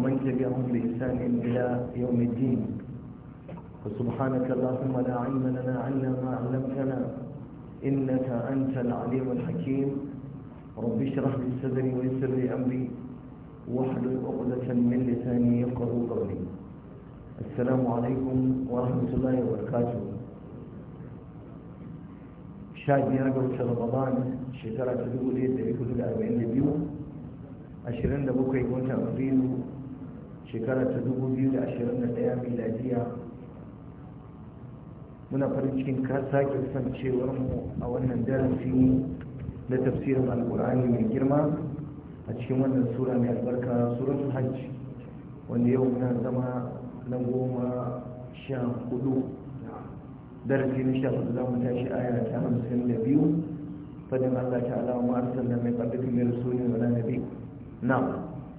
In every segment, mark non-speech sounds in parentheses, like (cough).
ومن تبعهم بإحسان إلى يوم الدين وسبحانك اللهم لا علم لنا إلا ما علمتنا إنك أنت العليم الحكيم رب اشرح لي صدري ويسر لي أمري واحلل عقدة من لساني يفقه قولي السلام عليكم ورحمة الله وبركاته شاهد يا رجل رمضان شكرا تدعو لي 142 أشرين ga watan afrilu shekara ta daya 2021 miladiya muna farin cikin ka sake kasancewar mu a wannan darasi na tafsirin alkur'ani mai girma a cikin wannan sura mai albarka suratul hajj wanda yau muna zama na goma sha hudu darasi na sha hudu za mu tashi aya ta hamsin da biyu fadin allah ta'ala wa ma'arsan da mai ƙarfi mai rasulun na nabi na'am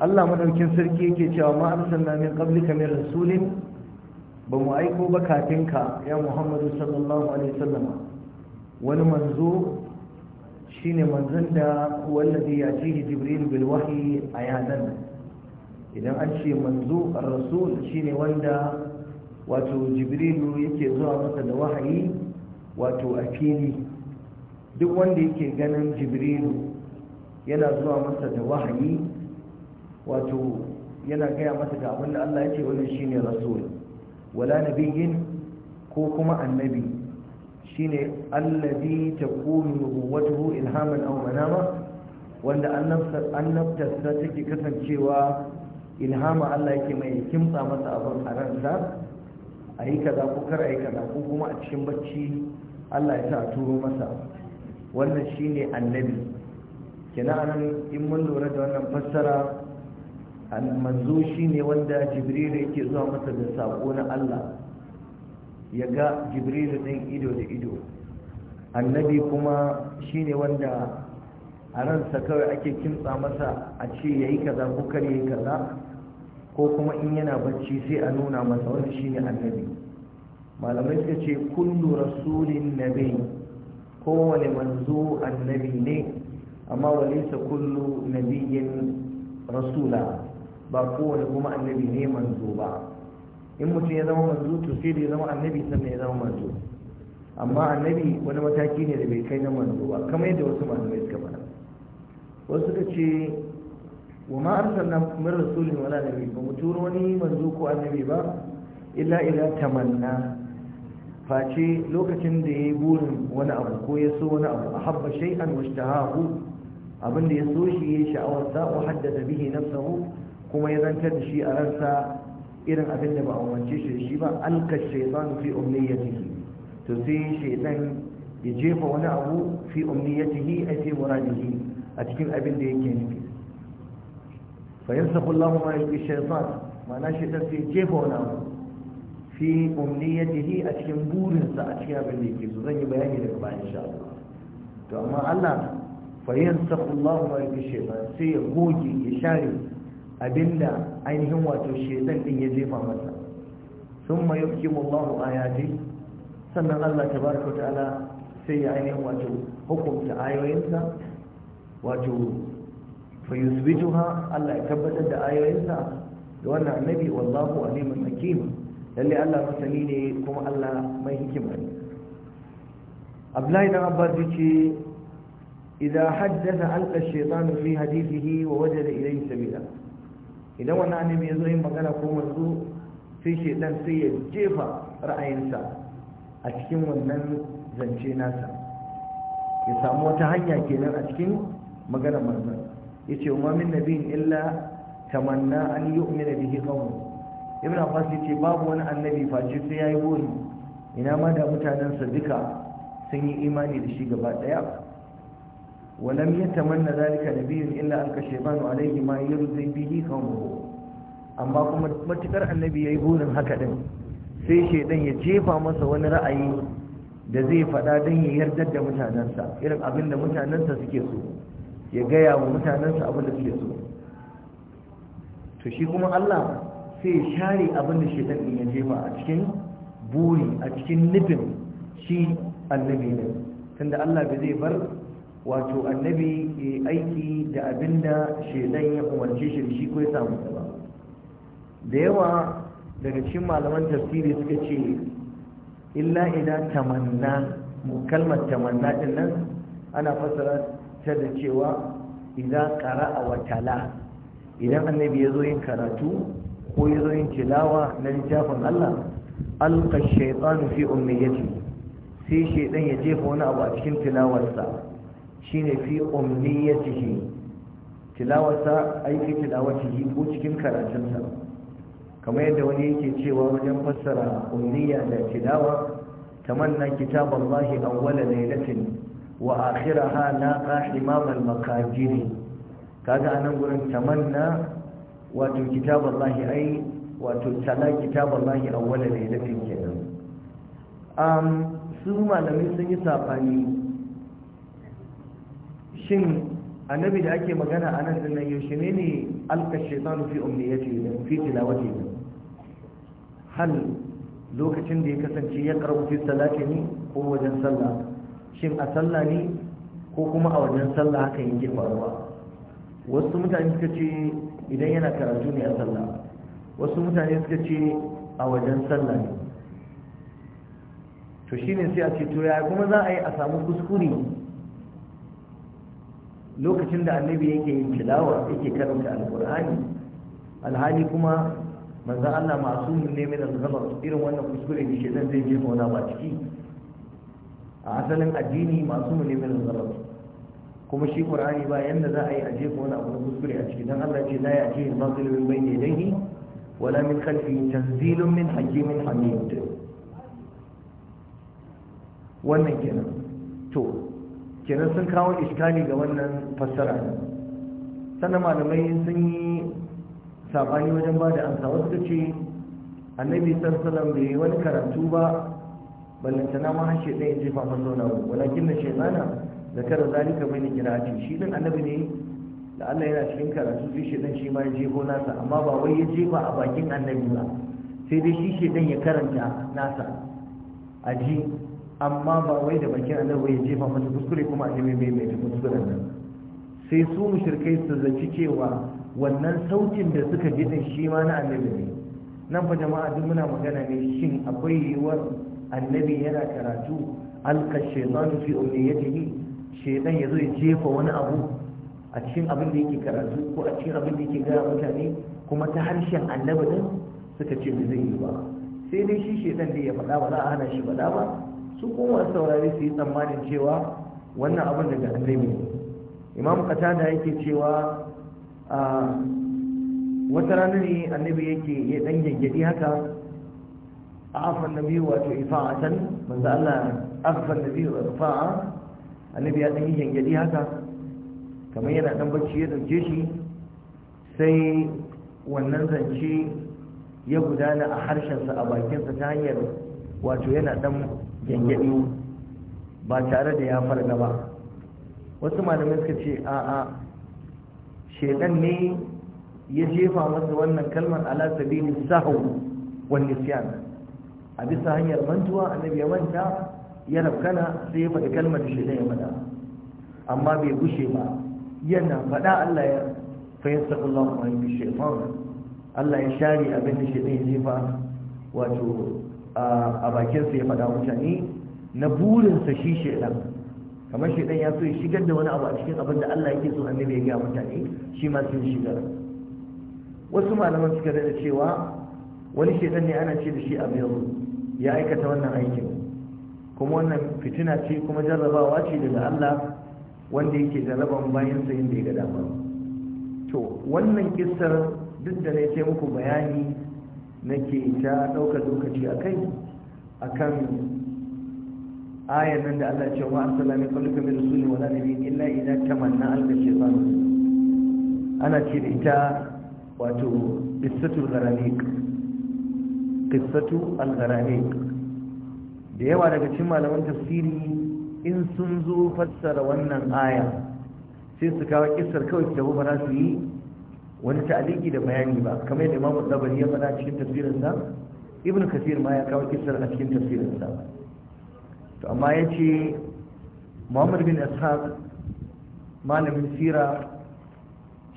Allah madaukin sarki yake cewa ma arsalna min qablika min rasulin ba mu aiko ba ka, ya Muhammadu sallallahu alaihi wasallam wani manzo shine manzon da wallazi yajihi jibril bil wahyi ayanan idan an ce manzo ar-rasul shine wanda wato jibril yake zuwa masa da wahayi wato a fili duk wanda yake ganin jibrilu yana zuwa masa da wahayi wato yana gaya masa ga abin Allah ya ce wannan shine rasul wala nabiyyin ko kuma annabi shine allazi takunu nubuwwatuhu ilhaman aw manama wanda annabtarsa take kasancewa ilhama Allah yake mai kimtsa masa abin a ransa a yi kaza ko kar a yi kaza ko kuma a cikin bacci Allah ya sa a turo masa wannan shine annabi kenan in mun lura da wannan fassara manzo ne wanda jibril yake zuwa masa da sako na Allah ya ga jibril din ido da ido annabi kuma shi ne wanda a ransa kawai ake kintsa masa a ce yayi kaza ko kar yayi kaza ko kuma in yana bacci sai a nuna masa wani ne annabi malamai suka ce kullu rasulin nabi kowane manzo annabi ne amma walaysa kullu nabiyyin rasula ba kowane kuma annabi ne manzo ba in mutum ya zama manzo to sai da ya zama annabi sannan ya zama manzo amma annabi wani mataki ne da bai kai na manzo ba kamar yadda wasu malamai suka faɗa wasu suka ce wa ma arsalna min rasulin wala nabi ba mu turo wani manzo ko annabi ba illa ila tamanna face lokacin da ya yi burin wani abu ko ya so wani abu a ahabba shay'an Abin abinda ya so shi ya za ku haddada bihi nafsahu kuma ya zantar da shi a ransa irin abin da ba a umarci shi da shi ba alka shaitan fi umniyatihi to sai shaitan ya jefa wani abu fi umniyatihi a fi muradihi a cikin abin da yake nufi fa yansakhu Allahu ma yulqi shaitan ma'ana shaitan sai jefa wani abu fi umniyatihi a cikin burinsa a cikin abin da yake so zan yi bayani daga baya insha Allah to amma Allah fa yansakhu Allahu ma yulqi shaitan sai ya goge ya share abinda ainihin wato shedan din ya jefa masa thumma yuhkimu a ayati sannan Allah tabaaraka ta'ala sai ya ainihin wato hukumta ayoyinsa wato ha Allah ya tabbatar da ayoyinsa da wannan annabi wallahu alimun hakim lalle Allah masani ne kuma Allah mai hikima ne Abdullahi dan Abbas yace idza haddatha alqa ash-shaytanu fi hadithihi wa wajada ilayhi sabila idan wani annabi ya zo yin magana ko manzo sai dan sai ya jefa ra'ayinsa a cikin wannan zance nasa ya samu wata hanya kenan a cikin maganar Ya yace wa min nabiyin illa tamanna an yu'mina bihi qawmu ibn abbas yace babu wani annabi face sai yayi buri ina ma da mutanen sa duka sun yi imani da shi gaba daya ولم يتمنى ذلك نبي إلا ألقى الشيطان عليه ما يرضي به قومه أما ya متكر النبي يقول هكذا sai shaidan ya jefa masa wani ra'ayi da zai faɗa don ya yarda da mutanensa irin abin da mutanensa suke so ya gaya wa mutanensa abin da suke so to shi kuma Allah sai ya share abin da shaidan ya jefa a cikin buri a cikin nufin shi annabi ne tunda Allah bai zai bar wato annabi ya aiki da abinda shaidan ya umarce shi shi ko ya samu ba da yawa daga cikin malaman tafsiri suka ce illa idan tamanna kalmar tamanna din nan ana fassara ta da cewa idan qara'a wa tala idan annabi ya zo yin karatu ko ya zo yin tilawa na littafin Allah alqa shaytanu fi ummiyati sai shaydan ya jefa wani abu a cikin tilawarsa Shi ne fi cikin tilawata aiki ciki ko cikin karatunsa kamar yadda wani yake cewa wajen fassara umniyya da tilawa tamanna kitaballahi wala lailatin wa ha na ƙashi al-makajiri kaga anan gurin manna wato a ai wato tala kitaballahi wala lailatin kenan su malamin sun yi safani shin annabi da ake magana a nan dinnan yaushe ne ne alka shaitanu fi umniyati fi tilawati hal lokacin da ya kasance ya karbu fi salati ne ko wajen sallah shin a sallah ne ko kuma a wajen sallah haka yake faruwa wasu mutane suka ce idan yana karatu ne a sallah wasu mutane suka ce a wajen sallah ne to shine sai a ce to ya kuma za a yi a samu kuskure lokacin da annabi yake yin tilawa yake karanta alqur'ani alhali kuma manzon Allah masu ne min al-ghabar irin wannan kuskure ne shi zai je wani ba ciki a asalin addini masu ne min al-ghabar kuma shi qur'ani ba yanda za a yi aje ko wani abu kuskure a ciki dan Allah ce la ya'ti al-batil min bayni yadayhi wala min khalfihi tanzilun min hakimin hamid wannan kenan to kenan sun kawo iskali ga wannan fassara sannan malamai sun yi sabani wajen ba da amsa wasu ce annabi sarsalan bai wani karatu ba ballantana ma hashe ɗaya jefa maso na walakin na shaitana da kara zalika bai na kira shi ɗin annabi ne da Allah yana cikin karatu sai shaitan shi ma ya jefo nasa amma ba wai ya jefa a bakin annabi ba sai dai shi shaitan ya karanta nasa aji. amma ba wai da bakin annabi ya jefa masa kuskure kuma a mai mai mai kuskuren nan sai su mushrikai su zaci cewa wannan sautin da suka ji din shi ma na annabi ne nan fa jama'a duk muna magana ne shin akwai yiwuwar annabi yana karatu alka shaitan fi umniyatihi shaitan yazo ya jefa wani abu a cikin abin da yake karatu ko a cikin abin da yake gaya mutane kuma ta harshen annabi din suka ce bai zai yi ba sai dai shi shaitan da ya faɗa ba za a hana shi faɗa ba su kuma saurari su yi tsammanin cewa wannan abin daga annabi ne imam da yake cewa a wata rana ne annabi yake ya dan gaggadi haka afan nabi wato ifa'atan manzo Allah afan nabi wa ifa'a annabi ya dan gaggadi haka kamar yana dan bacci ya dauke shi sai wannan zance ya gudana a harshensa a bakinsa ta hanyar wato yana dan gyangyaɗi ba tare da ya farga ba wasu malamai suka ce a'a shaidan ne ya jefa masa wannan kalmar ala sabili sahu wal nisyan a bisa hanyar mantuwa annabi ya manta ya rafkana sai ya faɗi kalmar da shaidan ya faɗa amma bai gushe ba yana faɗa Allah ya fayyasa Allah wa shaytan Allah ya share abin da shedan ya jefa wato a bakinsa ya faɗa mutane na burinsa shi shaidan kamar shaidan ya so ya shigar da wani abu a cikin abin da Allah yake so annabi ya gaya mutane shi ma sun shigar wasu malaman suka da cewa wani shaidan ne ana ce da shi abu yau ya aikata wannan aikin kuma wannan fitina ce kuma jarrabawa ce daga Allah wanda yake jarraban bayan sa yadda ya ga dama to wannan kissar duk da ne ce muku bayani nake ta ɗaukar lokaci a kai a kan ayan nan da Allah ce wa an salami kwalluka mai rasulun wala nabi illa ina ana ce da ita wato qissatul gharaniq al gharaniq da yawa daga cikin malaman tafsiri in sun zo fassara wannan aya sai su kawo kissar kawai ta ba su yi wani ta'aliki da bayani ba kamar yadda imamu dabari ya faɗa cikin sa ibn kasir ma ya kawo kisar a cikin sa to amma ya ce muhammad bin ashab malamin sira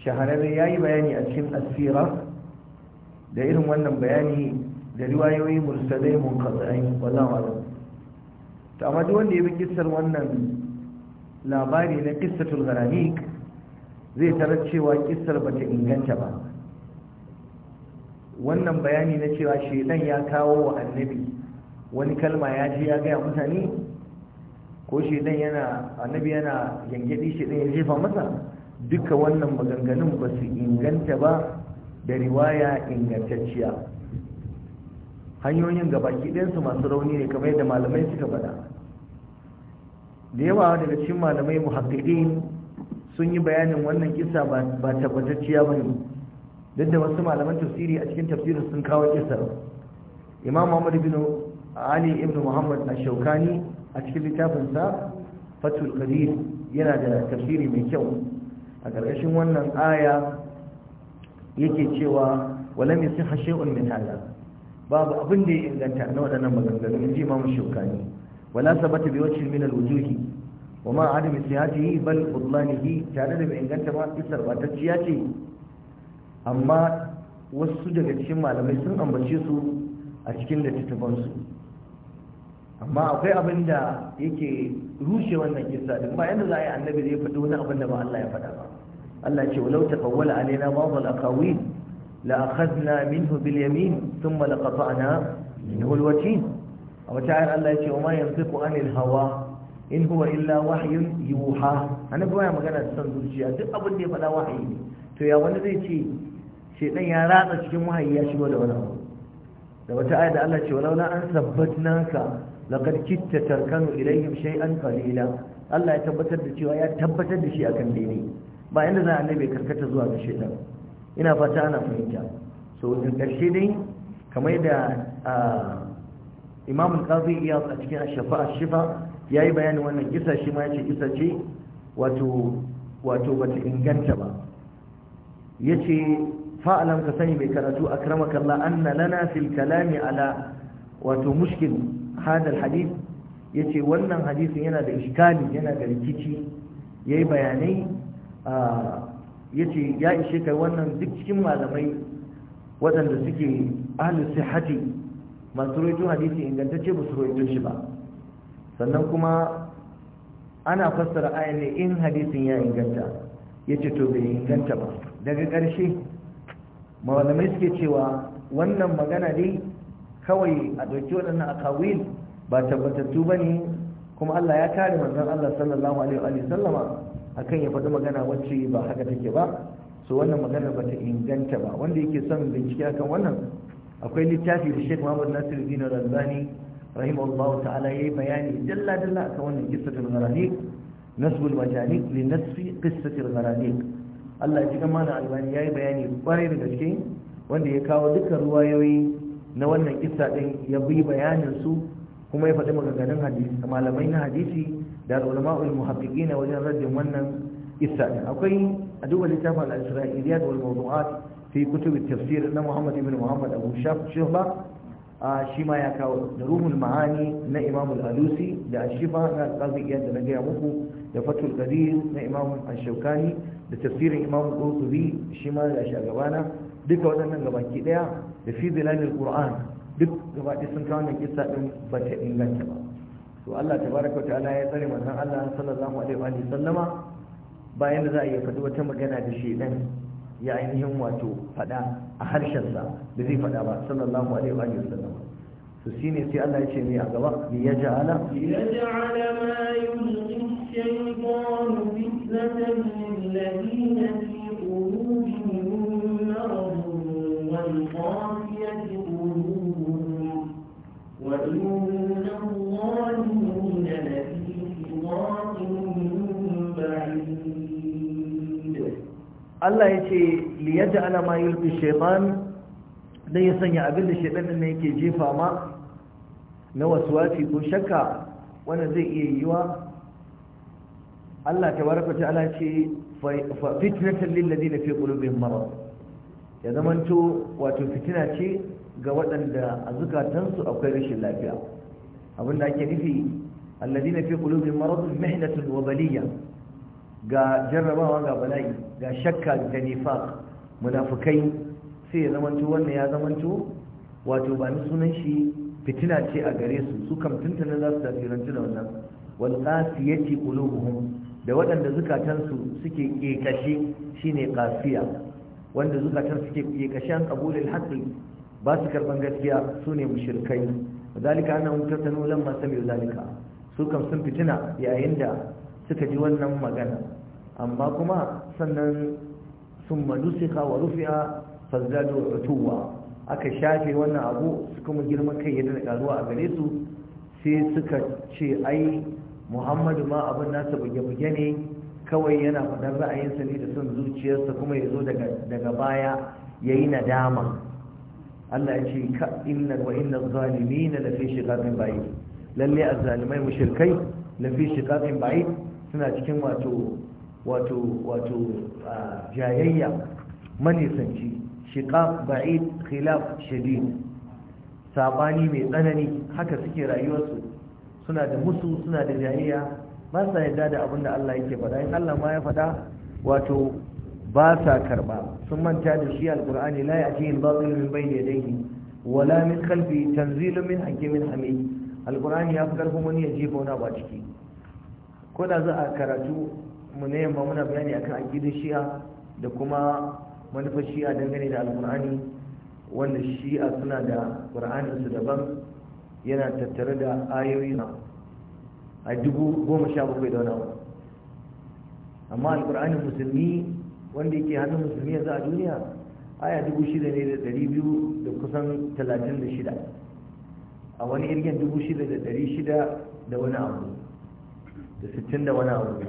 shahararre ya yi bayani a cikin asira da irin wannan bayani da riwayoyi mursalai munqatai wallahu a'lam to amma duk wanda ya bi kissar wannan labari na qissatul gharanik zai tarar cewa kisar ba ta inganta ba wannan bayani na cewa shaidan ya kawo wa annabi wani kalma ya ji ya gaya mutane ko shaidan yana annabi yana yangyadi shaidan ya jefa masa duka wannan maganganun ba su inganta ba da riwaya ingantacciya hanyoyin gabaki ɗayansu masu rauni ne kamar yadda malamai suka faɗa da yawa daga cikin malamai muhaddidin sun yi bayanin wannan kisa ba tabbatacciya ba ne duk da wasu malaman tafsiri a cikin tafsirin sun kawo kisa imam muhammad bin ali ibn muhammad na shaukani a cikin littafinsa fatul qadir yana da tafsiri mai kyau a ƙarƙashin wannan aya yake cewa walam yasiha shay'un min hada babu abin da ya inganta na waɗannan maganganu in ji imam shaukani wala sabata bi wajhin min al-wujuhi wa ma adam siyati bal qudlanihi tare da inganta ba isar ba tacciya ce amma wasu daga cikin malamai sun ambace su a cikin littattafan su amma akwai abin da yake rushe wannan kissa din ba yanda za a yi annabi zai faɗi wani abin da ba Allah ya faɗa ba Allah ce walau taqawwala alaina ba'd al-aqawil la akhadna minhu bil yamin thumma laqata'na minhu al-watin a wata ayar Allah ya ce wa ma yanfiqu anil hawa in huwa illa wahyun yuha annabi baya magana da san zuciya duk abin da ya faɗa wahayi ne to ya wani zai ce shedan ya ratsa cikin wahayi ya shigo da wani abu da wata aya da Allah ce walaula an sabbatnaka laqad kitta tarkanu ilayhim shay'an qalila Allah ya tabbatar da cewa ya tabbatar da shi akan daidai ba yanda za annabi karkata zuwa ga shedan ina fata ana fahimta so in karshe dai kamar da ah, imam al ya iyas a cikin ash-shafa'a shifa ya yi bayanin wannan kisa shi ma ya ce kisa ce wato bata inganta ba ya ce fa'alam ka sani mai karatu a karmakalla an na lana fil kalami ala wato mushkin hadal hadith ya ce wannan hadisin yana da ishikali yana da rikici ya yi bayanai ya ce ya ishe kai wannan duk cikin malamai waɗanda suke ahalin sihati masu roito hadisi ingantacce ba su roito shi ba sannan mm. kuma ana fassara ayan ne in hadisin ya inganta ya ce to bai inganta ba daga ƙarshe malamai suke cewa wannan magana dai kawai a ɗauki waɗannan akawil ba tabbatattu ba ne kuma Allah ya kare manzan Allah sallallahu alaihi wa sallama kan ya faɗi magana wacce ba haka take ba so wannan magana ba ta inganta ba wanda yake son bincike akan wannan akwai littafi da Sheikh Mahmud Nasiru dinar zani rahimahullahu ta'ala yayi bayani dalla dalla aka wannan qissatul gharaniq nasbul majaniq li nasfi qissatul gharaniq Allah ya ji mana albani yayi bayani kwarai da gaske wanda ya kawo dukkan ruwayoyi na wannan kissa ya bi bayanin su kuma ya faɗi maganganun hadisi malamai na hadisi da ulama'ul muhaqqiqina wajen raddin wannan kissa din akwai a duba littafin al-isra'iliyat wal mawdu'at fi kutub at-tafsir na Muhammad ibn Muhammad Abu Shaf Shuhba shi ma ya kawo da ruhul ma'ani na imam al-alusi da ashifa na qaziyyar da na gaya muku da fatul qadir na imam al-shaukani da tafsirin imam qurtubi shi ma da shagabana duka waɗannan gabaki daya da fi zilalil qur'an duk gabaki sun kawo wannan kissa din ba ta inganta ba to Allah tabaraka ta'ala ya tsare manzon Allah sallallahu alaihi wa sallama bayan da za a yi fadu wata magana da shedan ya ainihin wato fada a harshen sa da zai fada ba sallallahu alaihi wa sallam to shine sai Allah ya ce ne a gaba li yaj'ala li yaj'ala ma yulqi shaytan fitnatan lil ladina fi qulubihim marad wal qasiyati qulubuhum wa inna Allah ya ce liyaja Alama ma yulki shaitan dan ya sanya abin da shaitan ne yake jefa ma na waswasi ko shakka wanda zai iya yiwa Allah tabaraka ta'ala ce fitnatan lil ladina fi qulubihim marad ya zamanto wato fitina ce ga waɗanda a zukatansu akwai rashin lafiya abinda ake nufi alladina fi qulubihim marad mihnatun wa baliyya ga jarrabawa ga bala'i ga shakka da nifa munafukai sai ya zamanto wannan ya zamanto wato ba ni sunan shi fitina ce a gare su su kam tuntuna za su tasirantu da wannan wal qasiyati qulubuhum da waɗanda zukatansu suke kekashe shine qasiya wanda zukatansu suke kekashe an qabulil haqqi ba su karban gaskiya sune mushrikai zalika annahum tatanu lamma sami zalika su kam sun fitina yayin da suka ji wannan magana amma kuma sannan sun manusika wa rufi'a fazdadu utuwa aka shafe wannan abu su kuma girman kai yadda da karuwa a gare su sai suka ce ai muhammadu ma abin nasa buge-buge ne kawai yana faɗar ra'ayinsa ne da son zuciyarsa kuma ya zo daga baya ya yi nadama Allah ya ce ka inna wa inna zalimi na lafi shiga bayi lalle a zalimai mushirkai lafi shiga bayi suna cikin wato wato wato jayayya manisanci shiqaq ba'id khilaf shadid sabani mai tsanani haka suke rayuwarsu suna da musu suna da jayayya ba sa yarda da abin da Allah yake faɗa in Allah ma ya faɗa wato ba sa karba sun manta da shi alqur'ani la ya'tihi al-batil min bayni yadayhi wala min khalfi tanzilun min hakimin hamid alqur'ani ya fi karfin wani ya jefa wani ba ciki ko da za a karatu mu ne yamma muna bayani akan aqidar shi'a da kuma manufar shi'a dangane da alqur'ani wanda shi'a suna da qur'ani su daban yana tattare da ayoyi a dubu goma sha bakwai da wani amma alqur'ani musulmi wanda yake hannun musulmi yanzu a duniya aya dubu shida ne da ɗari biyu da kusan talatin da shida a wani irgen dubu shida da ɗari shida da wani abu da sittin da wani abu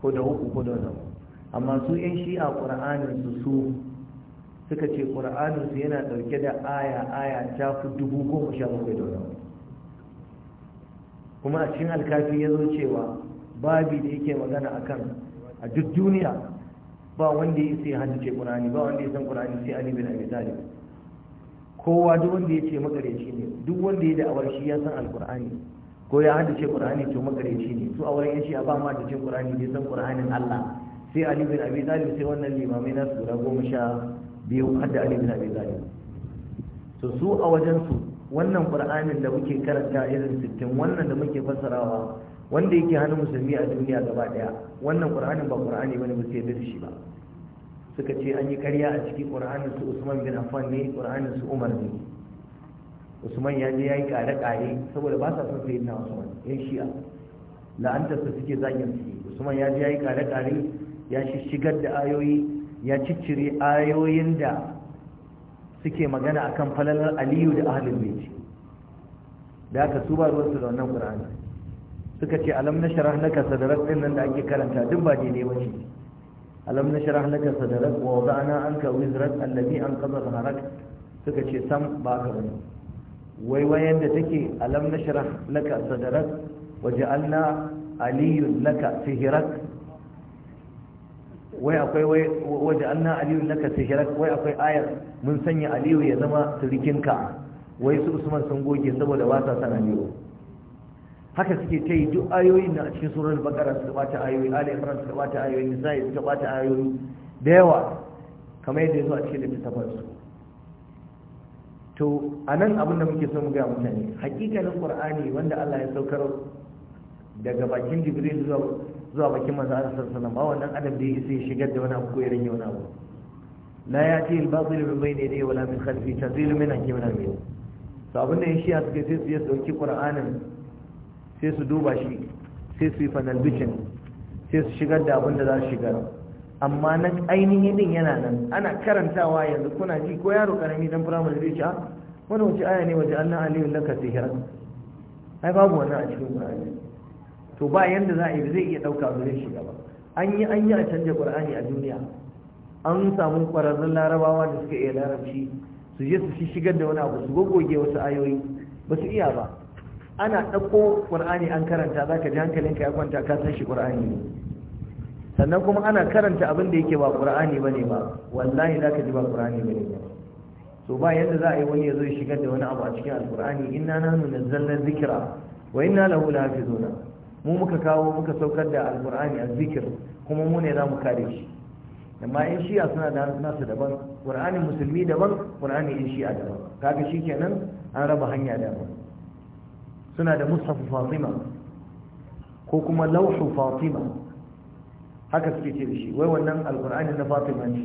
ko da uku ko da wani amma su yan shi'a ƙura'anin su su suka ce ƙura'anin su yana ɗauke da aya aya ta fi dubu goma sha bakwai da wani kuma a cikin alkafi ya zo cewa babi da yake magana a kan a duk duniya ba wanda ya sai ce ƙura'ani ba wanda ya san ƙura'ani sai ali bin abi talib kowa duk wanda ya ce makarici ne duk wanda ya da'awar shi ya san alƙur'ani ko ya hadace qur'ani to magareci ne su a wurin yace a ba ma da ce qur'ani bai san qur'anin Allah sai Ali bin Abi Talib sai wannan limamai na sura goma sha biyu hadda Ali bin Abi Talib to su a wajen su wannan qur'anin da muke karanta irin sittin wannan da muke fassarawa wanda yake hannun musulmi a duniya gaba daya wannan qur'anin ba qur'ani bane ba sai da shi ba suka ce an yi karya a cikin qur'anin su Usman bin Affan ne qur'anin su Umar ne usman ya je ya yi kare-kare saboda ba sa son sayi usman yan shi'a la'antarsa suke zagin su usman ya je ya yi kare-kare ya shigar da ayoyi ya ciccire ayoyin da suke magana akan falalar aliyu da ahalin beci da aka su ba su da wannan ƙura'ani suka ce alam na sharah laka sadarar ɗin nan da ake karanta duk ba daidai ba ce alam na sharah laka sadarar wa ana an ka wizirar allabi an kazar harak suka ce sam ba ka bane waiwayen da take alam nashrah laka sadrak waja'alna aliyun laka sihrak wai akwai wai waja'alna aliyun laka sihirar wai akwai ayar mun sanya aliyu ya zama surikinka wai su usman sun goge saboda ba sa aliyu haka suke ta yi duk ayoyin da a cikin surar bakara suka bata ayoyi ala imran suka bata ayoyi nisa'i suka bata ayoyi da yawa kamar yadda ya zo a cikin littattafan su to a nan abin da muke so mu ga mutane hakikalin qur'ani wanda Allah ya saukar daga bakin jibril zuwa zuwa bakin manzo Allah sallallahu alaihi ba wannan adam da yake sai shigar da wani abu ko ya rage wani abu la yati al-batil min bayni yadayhi wala min khalfi tanzilu min wani abu. to abin da shi suka sai su ya dauki qur'anin sai su duba shi sai su yi fanal sai su shigar da abin da za su shigar amma na ainihin din yana nan ana karantawa yanzu kuna ji ko yaro karami dan firamare zai ci ah, wani wace aya ne waje annan aliyu laka sihira ai babu wannan a cikin qur'ani to ba yanda za a yi zai iya dauka zuwa shi gaba an yi an yi a canza qur'ani a duniya an samu kwararrun larabawa da suka iya larabci su je su shigar da wani abu su goge wasu ayoyi ba su iya ba ana ɗauko ƙur'ani an karanta za ka ji hankalinka ya kwanta ka san shi ƙur'ani ne sannan kuma ana karanta abin da yake ba qur'ani bane ba wallahi ka ji ba qur'ani bane ba so ba yadda za a yi wani ya zo ya shigar da wani abu a cikin alqur'ani inna nahnu nazzalna dhikra wa inna lahu lahafizuna mu muka kawo muka saukar da alqur'ani zikir kuma mu ne za mu kare shi amma in shi'a suna da nasu daban qur'anin musulmi daban qur'anin in shi'a daban kaga kenan an raba hanya daban suna da mushafu fatima ko kuma lauhu fatima haka suke ce da shi wai wannan alkur'ani na fatima ne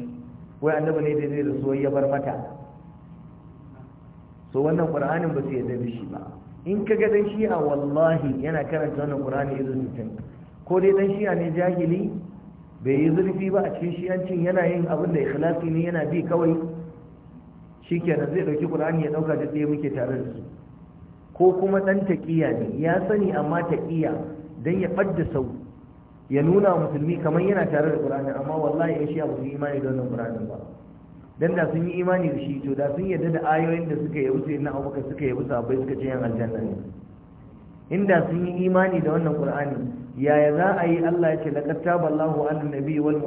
wai annabi ne da zai da su ya bar mata so wannan qur'anin ba su yarda da shi ba in ka ga dan shi'a wallahi yana karanta wannan qur'ani irin mutum ko dai dan shi'a ne jahili bai yi zurfi ba a cikin shi'ancin yana yin abin da ikhlasi ne yana bi kawai shikenan zai dauki qur'ani ya dauka da tsaye muke tare da su ko kuma dan taqiya ne ya sani amma taqiya dan ya fadda sau ya nuna musulmi kamar yana tare da ƙur'ani, amma wallahi ya shi abu imani da wannan ba dan da sun yi imani da shi to da sun yarda da ayoyin da suka yabu sai na abubakar suka yabu bai suka ce yan aljanna ne inda sun yi imani da wannan qur'ani yaya za a yi Allah ya ce laqad allahu alan nabi wal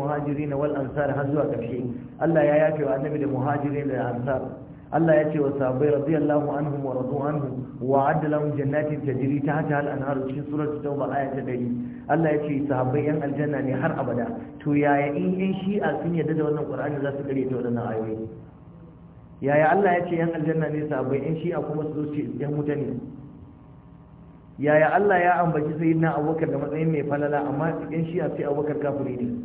na wal ansar har zuwa karshe Allah ya yafe wa annabi da muhajirin da ansar Allah ya ce wa sahabbai radiyallahu anhum wa radu anhu wa adda lahum jannatin tajri tahta al-anhar cikin surat tauba aya ta 100 Allah ya ce sahabbai yan aljanna ne har abada to yaya in yan shi'a sun yarda da wannan Qur'ani za su kare ta wannan ayoyi yaya Allah ya ce yan aljanna ne sahabbai yan shi'a kuma su zo ce yan mutane yaya Allah ya ambaci sayyidina Abubakar da matsayin mai falala amma yan shi'a sai Abubakar kafiri ne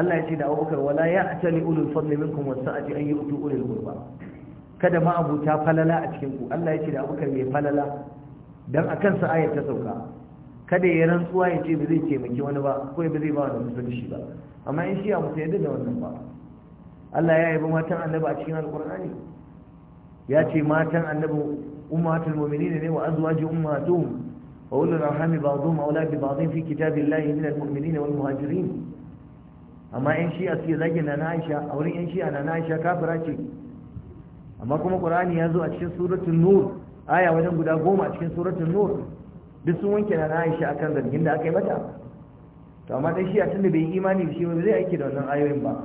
Allah ya ce da Abubakar wala ya'tali ulul fadli minkum wasa'ati an yu'tu ulul qurba kada ma abuta falala a cikinku, Allah ya ce da abubakar mai falala Don a sa ayat ta sauka kada ya rantsuwa ya ce ba zai taimaki wani ba ko ba zai ba wani musulunci ba amma in shi a musu yadda da wannan ba Allah ya yi yabi matan annaba a cikin alkur'ani ya ce matan annaba ummatul mu'minin ne wa azwaji ummatuhum wa ulul arham ba'dhum awla bi ba'dhin fi kitabillahi min almu'minin wal muhajirin amma in shi a suke zagina na Aisha a wurin in shi a na Aisha kafira ce amma kuma qur'ani ya zo a cikin suratul nur aya wajen guda goma a cikin suratul nur duk sun wanke na Aisha akan zargin da aka yi mata to amma dai shi a tunda bai imani shi ba zai aiki da wannan ayoyin ba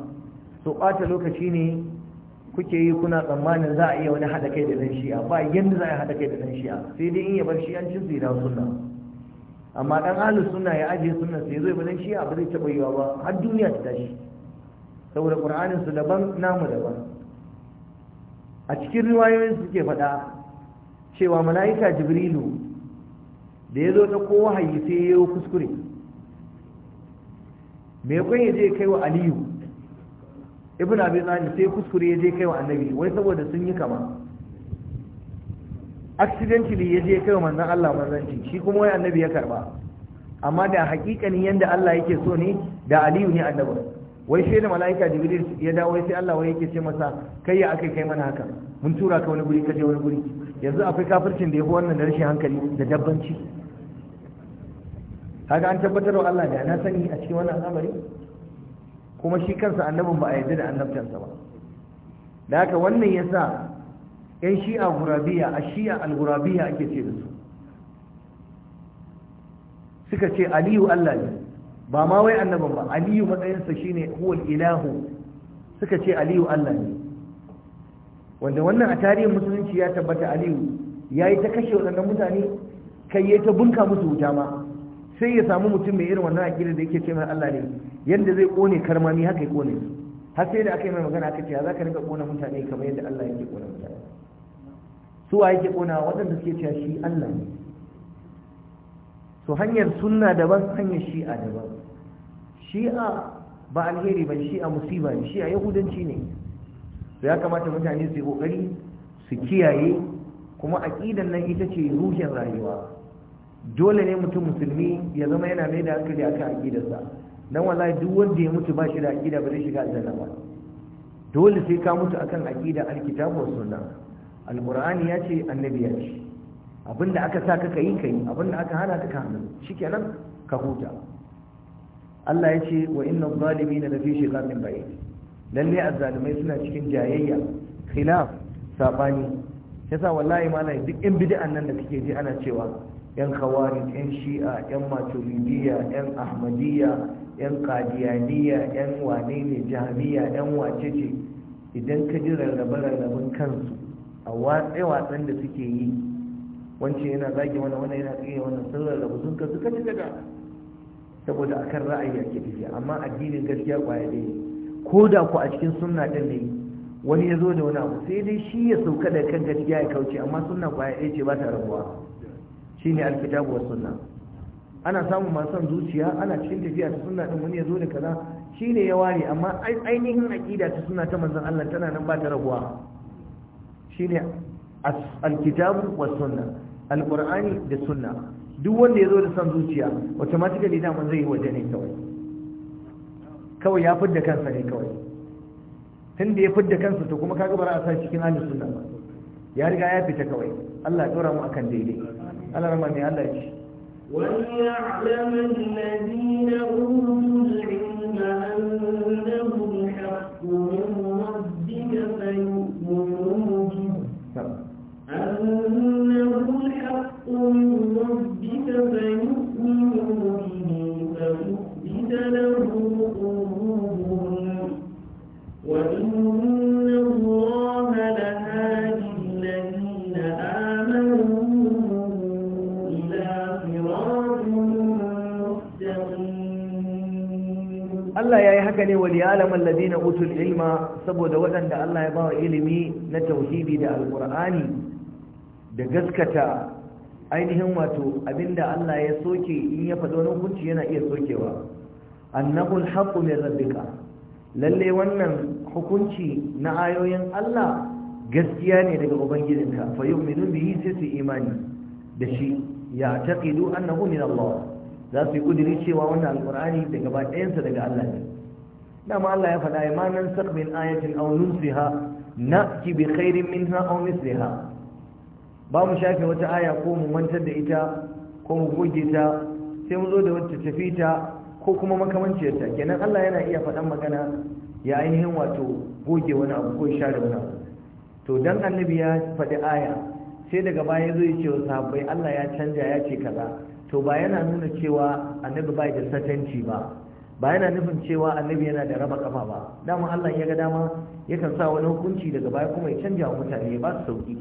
so bata lokaci ne kuke yi kuna tsammanin za a iya wani hada kai da dan shi'a ba yanda za a hada kai da dan shi'a sai dai in ya bar shi'ancin su sunna amma dan ahlus sunna ya aje sunna sai zai bar shi'a ba zai taba yiwa ba har duniya ta tashi saboda qur'anin su daban namu daban a cikin riwayoyin suke faɗa cewa mala'ika jibrilu da ya zo kowa hayi sai ya yi kuskure mai kwan ya je kai wa aliyu ibn abi talib sai kuskure ya je kai wa annabi wai saboda sun yi kama accidentally ya je kai wa manzan Allah manzanci shi kuma wai annabi ya karba amma da hakikanin yadda Allah yake so ne da aliyu ne annabi wai sai da mala'ika jibril ya dawo wai sai Allah wai yake ce masa kai ya akai kai mana haka mun tura ka wani guri ka je wani guri yanzu akwai kafircin da yafi wannan da rashin hankali da dabbanci kaga an tabbatar wa Allah da na sani a cikin wannan al'amari kuma shi kansa annabin ba a yarda da annabtansa ba da haka wannan yasa yan shi'a gurabiya a shi'a al-gurabiya ake ce da su suka ce aliyu Allah ne ba ma wai annaban ba aliyu matsayinsa shi ne huwal ilahu suka ce aliyu Allah ne wanda wannan a tarihin musulunci ya tabbata aliyu ya yi ta kashe waɗannan mutane kai ya ta bunka musu wuta ma sai ya samu mutum mai irin wannan aƙidar da yake ce mai Allah ne yadda zai kone karmami haka ya kone har sai aka yi magana aka ce za ka rika kona mutane kamar yadda Allah yake kona mutane su wa yake kona waɗanda suke cewa shi Allah ne To hanyar sunna daban hanyar shi'a daban shi'a ba alheri ba shi'a musiba ne shi'a yahudanci ne to ya kamata mutane su yi kokari su kiyaye kuma aqidan nan ita ce ruhin rayuwa dole ne mutum musulmi ya zama yana mai da hankali akan aqidarsa dan wallahi duk wanda ya mutu ba shi da aqida ba zai shiga aljanna ba dole sai ka mutu akan aqida alkitabu wa sunna alqur'ani ya ce annabi ya abinda aka sa ka yi ka yi abinda aka hana ka hana shikenan ka huta Allah ya ce wa inna zalimina lafi shiqaqin ba'id lalle azzalimai suna cikin jayayya khilaf sabani yasa wallahi malai duk yan bid'an nan da kike ji ana cewa yan khawarij yan shi'a yan maturidiyya yan ahmadiyya yan qadiyaniya yan wane ne jami'a yan wace ce idan ka ji rarrabe rarrabin kansu a watsa watsan da suke yi wancan yana zagi wani wani yana tsaye wannan sun rarrabu ka suka ci daga saboda akan ra'ayi ake tafiya amma addinin gaskiya kwaya dai ko da ku a cikin sunna ɗin ne wani ya zo da wani abu sai dai shi ya sauka da kan gaskiya ya kauce amma sunna kwaya ɗaya ce ba ta rabuwa shine alkitabu was sunna ana samun masu zuciya ana cikin tafiya ta sunna ɗin wani ya zo da kaza shine ya ware amma ainihin aƙida ta sunna ta manzon Allah tana nan ba ta rabuwa shine alkitabu wa sunna Alƙur'ani da sunna duk wanda ya zo da san zuciya automatically daman zai yi waje ne kawai kawai ya fidda kansa ne kawai tun da ya fidda kansa to kuma kaga bara a sa cikin ahlus sunna ba ya riga ya fita kawai Allah ya dora mu akan daidai Allah rama ne Allah ya ci وليعلم الذين أوتوا العلم أنه الحق من haka ne wali alaman ladina utul ilma saboda waɗanda Allah ya bawa ilimi na tauhidi da alkur'ani da gaskata ainihin wato abinda Allah ya soke in ya faɗo wani hukunci yana iya sokewa annahu alhaqqu min rabbika lalle wannan hukunci na ayoyin Allah gaskiya ne daga ubangijinka fa yu'minu bihi sai su imani da shi ya taqidu annahu min Allah za su yi kudiri cewa wannan alkur'ani daga ɗayansa daga Allah ne dama Allah ya faɗa ma nan saq min ayatin aw nunsiha ki bi khairin minha aw misliha ba mu shafe wata aya ko mu mantar da ita ko mu goge ta sai mu zo da wata tafi ta ko kuma makamanciyar ta kenan Allah yana iya faɗan magana ya ainihin wato goge wani abu ko share wani abu to dan annabi ya faɗi aya sai daga baya zo ya ce wa sahabbai Allah ya canja ya ce kaza to ba yana nuna cewa annabi bai da satanci ba ba yana nufin cewa annabi yana da raba kafa ba dama Allah ya ga dama yakan sa wani hukunci daga baya kuma ya canja wa mutane ya ba su sauki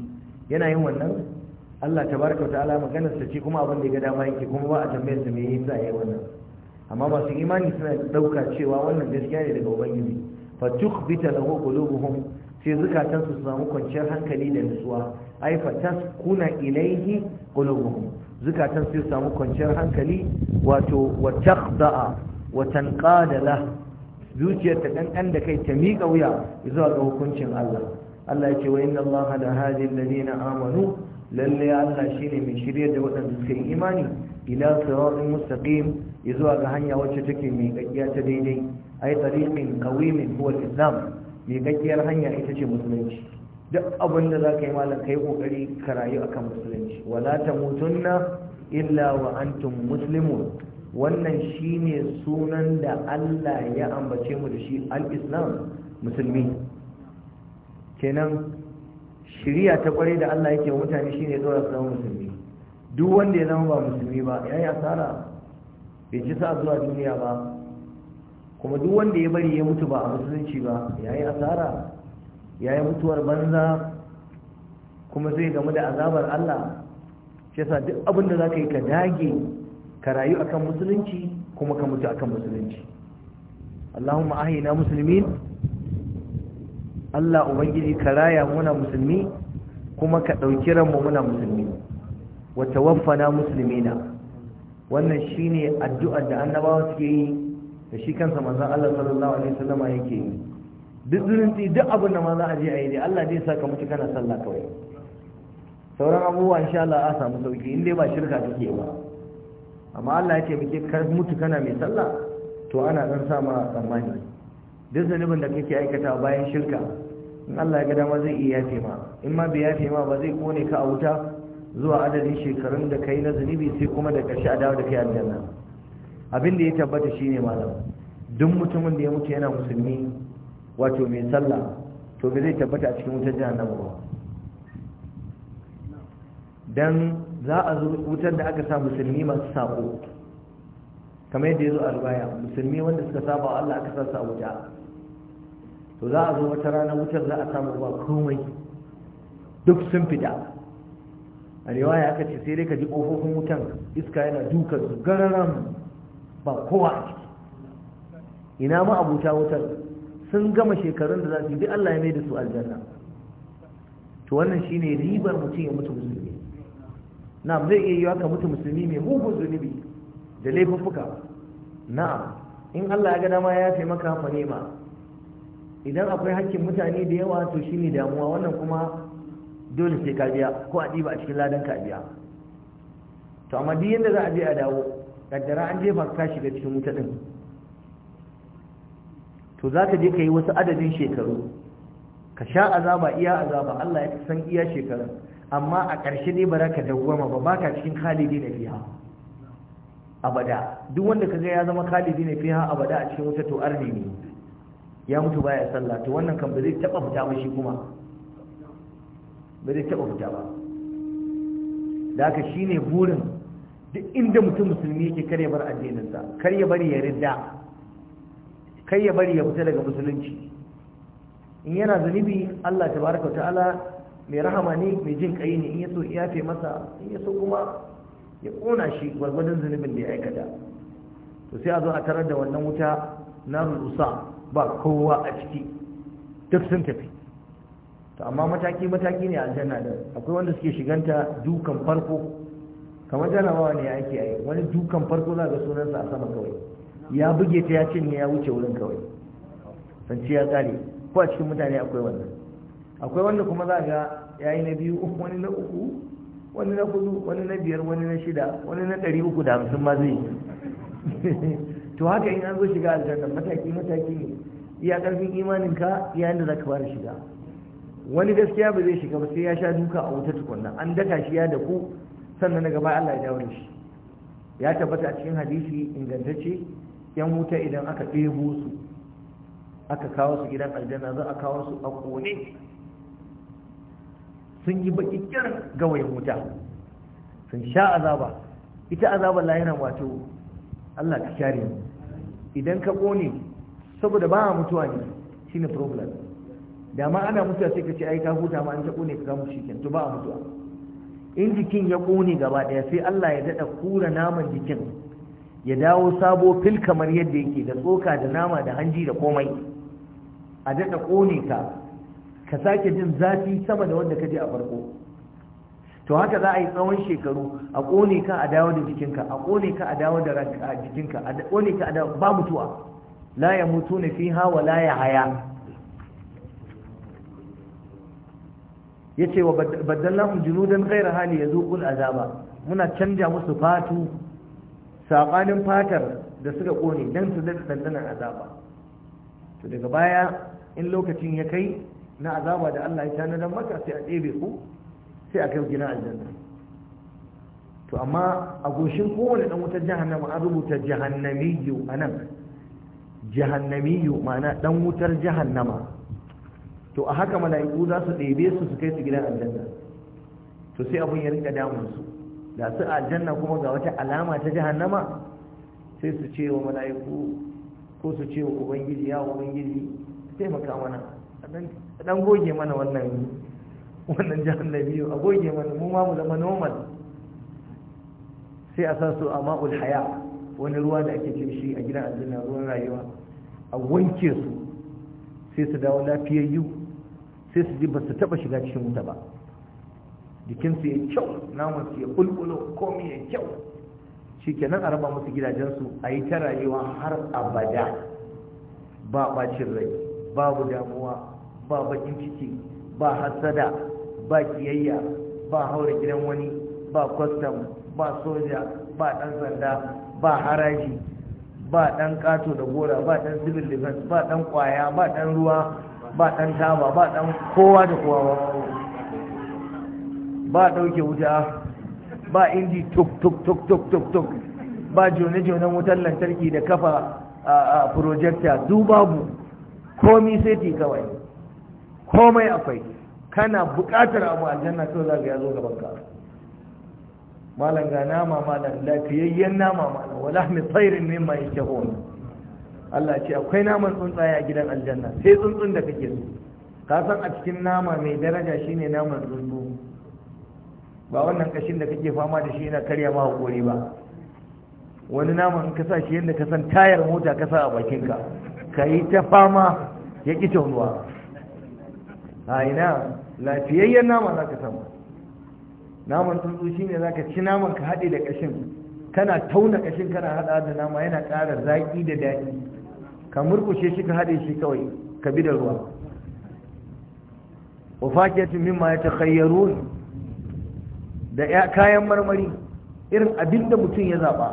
yana yin wannan Allah tabaraka ta'ala maganar sa ce kuma abin da ya ga dama yake kuma ba a tambayar sa me yasa yayi wannan amma masu imani suna dauka cewa wannan gaskiya ne daga ubangiji fa tukhbita lahu qulubuhum sai zukatan su samu kwanciyar hankali da nutsuwa ai fa taskuna ilaihi qulubuhum zukatan su samu kwanciyar hankali wato wa takhda'a Watan tanqada la zuciyar ta da kai ta miƙa wuya zuwa ga hukuncin Allah Allah ya ce wa inna Allah la hadi alladhina amanu Lallai Allah shine mai shirya da waɗanda suka yi imani ila siratin mustaqim zuwa ga hanya wacce take mai gaggiya ta daidai ai tariqin qawimin huwa al-islam mai gaggiyar hanya ita ce musulunci duk abin da zaka yi malam kai kokari ka rayu akan musulunci wala tamutunna illa wa antum muslimun wannan shine sunan da Allah ya ambace mu da shi al-islam musulmi kenan shiriya ta kware da Allah yake wa mutane shine zuwa su zama musulmi duk wanda ya zama ba musulmi ba yayi asara bai ci sa zuwa duniya ba kuma duk wanda ya bari ya mutu ba a musulunci ba yayi asara yayi mutuwar banza kuma zai gamu da azabar Allah shi yasa duk abin da zaka yi ka dage ka rayu akan musulunci kuma ka mutu akan musulunci Allahumma ahyina muslimin Allah ubangiji ka raya muna musulmi kuma ka dauki ranmu muna musulmi wa tawaffana muslimina wannan shine addu'ar da annabawa suke yi da shi kansa manzon Allah sallallahu alaihi wasallam yake yi duk zurunci duk abin da ma za a je a yi dai Allah zai saka mutu kana sallah kawai sauran abubuwa insha Allah a samu sauki in dai ba shirka kake ba amma Allah ya ce muke kar mutu kana mai sallah to ana dan sa ma tsammani duk zanubin da kake aikata bayan shirka in Allah ya ga dama zai iya yafe ma in ma bai yafe ma ba zai kone ka a wuta zuwa adadin shekarun da kai na zunubi sai kuma da ƙarshe a dawo da kai aljanna abin da ya tabbata shine malam duk mutumin da ya mutu yana musulmi wato mai sallah to bai zai tabbata a cikin wutar jahannama ba dan za a zo wutar da aka sa musulmi masu sako kamar yadda ya zo a rubaya musulmi wanda suka saba wa Allah aka sa sa wuta to za a zo wata rana wutar za a samu ruwa komai duk sun fita a riwaya aka ce sai dai ka ji kofofin wutan iska yana duka gararan ba kowa a ciki ina ma abuta wutar sun gama shekarun da za su yi Allah ya mai da su aljanna to wannan shine ribar mutum ya mutu musulmi na'am zai iya yiwa ka mutu musulmi mai mugun zunubi da laifuffuka na'am in Allah ya ga dama ya fi maka fa nema idan akwai hakkin mutane da yawa to shine damuwa wannan kuma dole sai ka biya ko a diba a cikin ladan ka biya to amma duk yadda za a je a dawo kaddara an jefa ka shiga cikin wuta din to za ka je ka yi wasu adadin shekaru ka sha azaba iya azaba Allah ya san iya shekarun amma a ƙarshe ne ba za ka dawwama ba baka cikin khalidi na fiha abada duk wanda ka kaga ya zama khalidi na fiha abada a cikin wata to'ar ne ya mutu baya sallah to wannan kan ba zai taba fita ba shi kuma ba zai taba fita ba da haka shine burin duk inda mutum musulmi yake kar ya bar addininsa kar ya bari ya ridda kar ya bari ya fita daga musulunci in yana zunubi Allah tabaraka ta'ala mai rahama ne mai jin kai ne in ya so ya fe masa in ya so kuma ya kona shi gwargwadon zunubin da ya aikata to sai a zo a tarar da wannan wuta na rusa ba kowa a ciki duk sun tafi to amma mataki mataki ne aljanna da akwai wanda suke shiganta dukan farko kamar jarabawa ne ake yi wani dukan farko za ga sunansa a sama kawai ya buge ta ya cinye ya wuce wurin kawai sanci ya tsare ko a cikin mutane akwai wannan akwai wanda kuma za ga ya yi na biyu (laughs) wani na uku wani na kudu wani na biyar wani na shida wani na ɗari uku da hamsin ma zai (laughs) to haka in an zo shiga aljanna mataki mataki ne iya ƙarfin imaninka iya yadda za ka fara shiga wani gaskiya ba zai shiga ba sai ya sha duka a wuta tukunna an daka shi ya daku sannan na gaba Allah ya dawo shi ya tabbata a cikin hadisi ingantacce yan wuta idan aka ɗebo su aka kawo su gidan aljanna za a kawo su a kone sun yi baki kiran gawayin wuta sun sha azaba ita azabar lahira wato Allah ka share mu idan ka kone saboda ba mutuwa ne shine problem da ma ana mutuwa sai ka ce ai ka huta ma an ta kone ka gamu shikin to ba mutuwa in jikin ya kone gaba daya sai Allah ya dada kura naman jikin ya dawo sabo fil kamar yadda yake da tsoka da nama da hanji da komai a dada kone ka ka sake jin zafi sama da wanda ka je a farko to haka za a yi tsawon shekaru a ƙone ka a dawo da jikinka a ƙone ka a dawo da jikinka a ƙone ka a dawo ba mutuwa la ya mutu na fi hawa la ya haya ya ce wa mu junudan gaira hali ya zuƙul azaba muna canja musu fatu saɓanin fatar da suka ƙone don su da ɗanɗanar azaba to daga baya in lokacin ya kai na azaba da Allah ya tanadar maka sai a ɗebe ku sai a kai gina aljanna to amma a goshin kowane ɗan wutar jahannama an rubuta jahannamiyu jahannami jahannamiyu ma'ana ɗan wutar jahannama to a haka mala'iku za su ɗebe su su kai su gidan aljanna to sai abun ya rika damun su da su aljanna kuma ga wata alama ta jahannama sai su ce wa mala'iku ko su ce wa ubangiji ya ubangiji taimaka mana dan goge mana wannan wannan jahannabi a goge mana mu ma mu zama normal sai a sa su a ma'ul haya wani ruwa da ake cin shi a gidan aljanna ruwan rayuwa a wanke su sai su dawo lafiyayyu sai su ji ba su taba shiga cikin wuta ba jikinsu ya kyau namansu ya kulkulo komi ya kyau shi kenan a raba musu gidajensu a yi ta rayuwa har abada ba bacin rai babu damuwa ba bakin ciki ba hasada ba kiyayya ba haure gidan wani ba kwastam ba soja ba ɗan sanda ba haraji ba ɗan ƙato da gora ba ɗan civil defense ba ɗan ƙwaya ba ɗan ruwa ba ɗan taba ba ɗan kowa da kowa ba ɗauke wuta ba inji tuk tuk tuk tuk tuk tuk ba jone jone wutar lantarki da kafa a projector du babu komi sai ti kawai komai akwai kana buƙatar abu aljanna to za ka ya gaban ka malam ga nama malam lafiyayyen nama malam wala mai tsairin mimma yake hona Allah ce akwai naman tsuntsaye a gidan aljanna sai tsuntsun da kake so ka san a cikin nama mai daraja shine naman tsuntsu ba wannan kashin da kake fama da shi yana karya ma hakuri ba wani naman ka sa shi yadda ka san tayar mota ka sa a bakinka ka yi ta fama ya ƙi taunuwa a ina lafiyayyen nama za ka samu naman shi ne za ka ci naman ka haɗe da ƙashin kana tauna ƙashin kana haɗa da nama yana ƙara zaƙi da daɗi ka murkushe shi ka haɗe shi kawai ka bi da ruwa wa fakiyatin mimma ya takhayyaru da kayan marmari irin abin da mutum ya zaɓa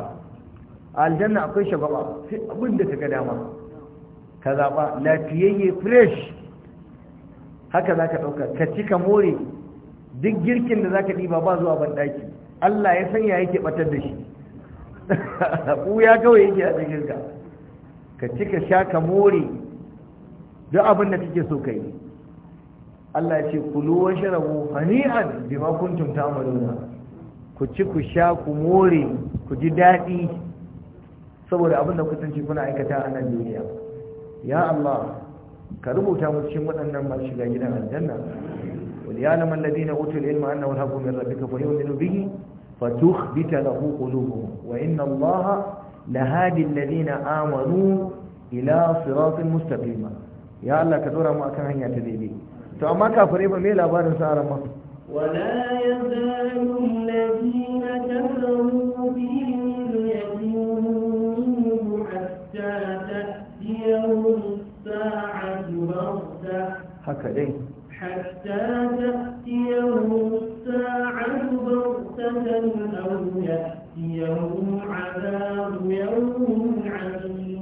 a aljanna akwai shagaba sai abin da ka ga dama ka zaɓa lafiyayye fresh haka za ka ɗauka ka ci ka more duk girkin da za ka ɗiba ba zuwa banɗaki Allah ya sanya yake batar da shi (laughs) ya kawai yake a cikin ka ka ci ka sha ka more duk abin da kake so ka Allah ya ce kulu wa sharabu hani'an bima kuntum ta'maluna ku ci ku sha ku more ku ji daɗi saboda abin da kusanci kuna aikata a nan duniya ya Allah ka rubuta mu cikin waɗannan masu shiga gidan aljanna wal ya'lamu alladhina utul ilma annahu al-haqqu min rabbika fa yu'minu bihi fa tukhbita lahu qulubuhum wa inna allaha lahadi alladhina amanu ila siratin mustaqima ya Allah ka dora mu akan hanya ta daidai to amma kafirai ba me labarin sa ran ma wala yazalu alladhina kafaru bihi haka ɗin. Wala ya الساعة بغتة أو يأتيهم عذاب يوم عظيم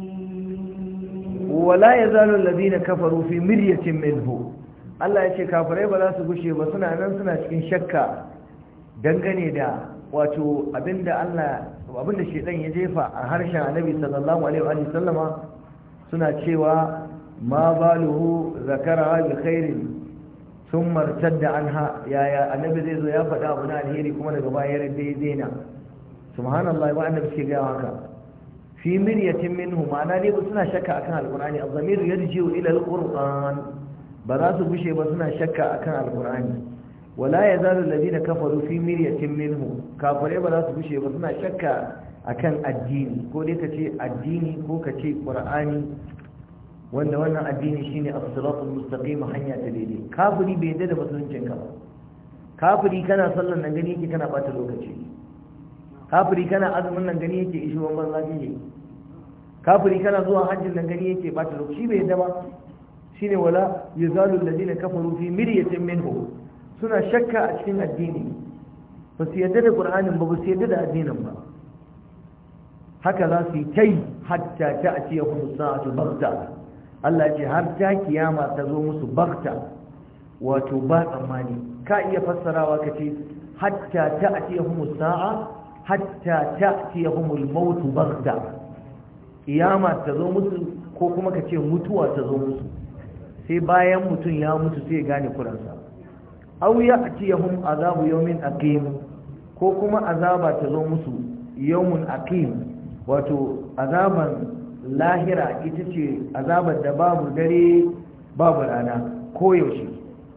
Allah ya ce kafirai ba za su gushe ba suna nan suna cikin shakka dangane da wato abinda Allah abinda shedan ya jefa a harshen Annabi sallallahu alaihi wa sallama suna cewa ma baluhu zakara bi sun martar da anha yaya annabi zai zo ya faɗa abu na alheri kuma daga baya ya daina subhanallah ba annabi ke gaya haka fi miryatin minhu ma'ana ne ba suna shakka akan alqur'ani az-zamiru yarji'u ila alqur'an ba za su bushe ba suna shakka akan alqur'ani wala yazalu alladhina kafaru fi miryatin minhu kafare ba za su bushe ba suna shakka akan addini ko dai kace addini ko kace ƙur'ani. wanda wannan addini shine as-siratul mustaqim hanya ta daidai kafiri bai yadda da musuluncin ka ba kafiri kana sallan nan gani yake kana bata lokaci kafiri kana azumin nan gani yake ishi wannan lafiya kafiri kana zuwa hajjin nan gani yake bata lokaci bai yadda ba shine wala yazalu alladhina kafaru fi miryatin minhu suna shakka a cikin addini ba su yadda da qur'anin ba ba su yadda da addinin ba haka za su yi kai hatta ta a ciyar sa'atu bagda Allah ce har ta kiyama ta zo musu bakta wato ba tsammani ka iya fassarawa ka ce hatta ta atiyahumus sa'a hatta ta atiyahumul mautu bakta kiyama ta zo musu ko kuma ka ce mutuwa ta zo musu sai bayan mutum ya mutu sai gane kuransa aw ya atiyahum azabu yawmin aqim ko kuma azaba ta zo musu yawmun aqim wato azaban lahira ita ce azabar da babu dare babu rana koyaushe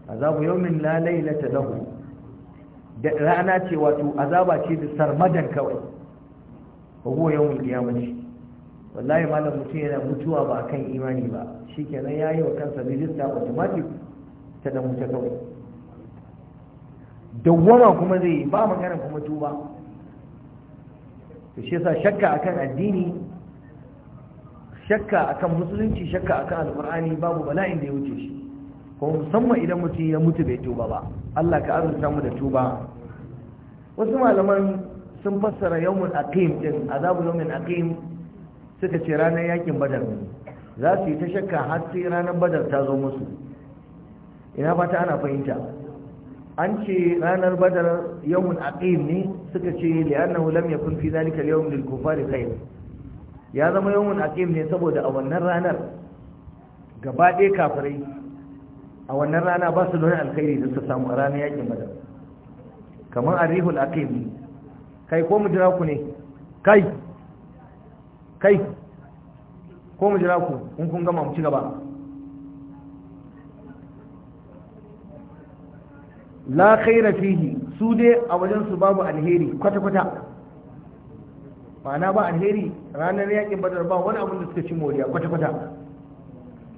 azabu yawmin la lailata lahu da rana ce wato azaba ce da sarmadan kawai ba go yawmin kiyamati wallahi malam mutum yana mutuwa ba kan imani ba shikenan yayi wa kansa rijista automatic ta da mutu kawai dawwama kuma zai ba magana kuma tuba to shi yasa shakka akan addini shakka akan musulunci shakka akan alkur'ani babu bala'in da ya wuce shi ko musamman idan mutum ya mutu bai tuba ba Allah ka arzuta mu da tuba wasu malaman sun fassara yawmul aqim din azabu yawmin aqim suka ce ranar yakin badar za su yi ta shakka har sai ranar badar ta zo musu ina fata ana fahimta an ce ranar badar yawmul aqim ne suka ce li'annahu lam yakun fi zalika al-yawm lil-kuffari khayr ya zama yawon aqim ne saboda a wannan ranar gaba ɗaya kafirai a wannan rana ba su nuna alkhairi da su samu a ranar yakin madar kamar arrihul aqim kai ko mujira ku ne kai kai ko mujira ku in kun gama mu ci gaba la khaira fihi su dai a wajen su babu alheri kwata-kwata ma'ana ba alheri ranar yakin badar ba wani abin da suka ci moriya kwata-kwata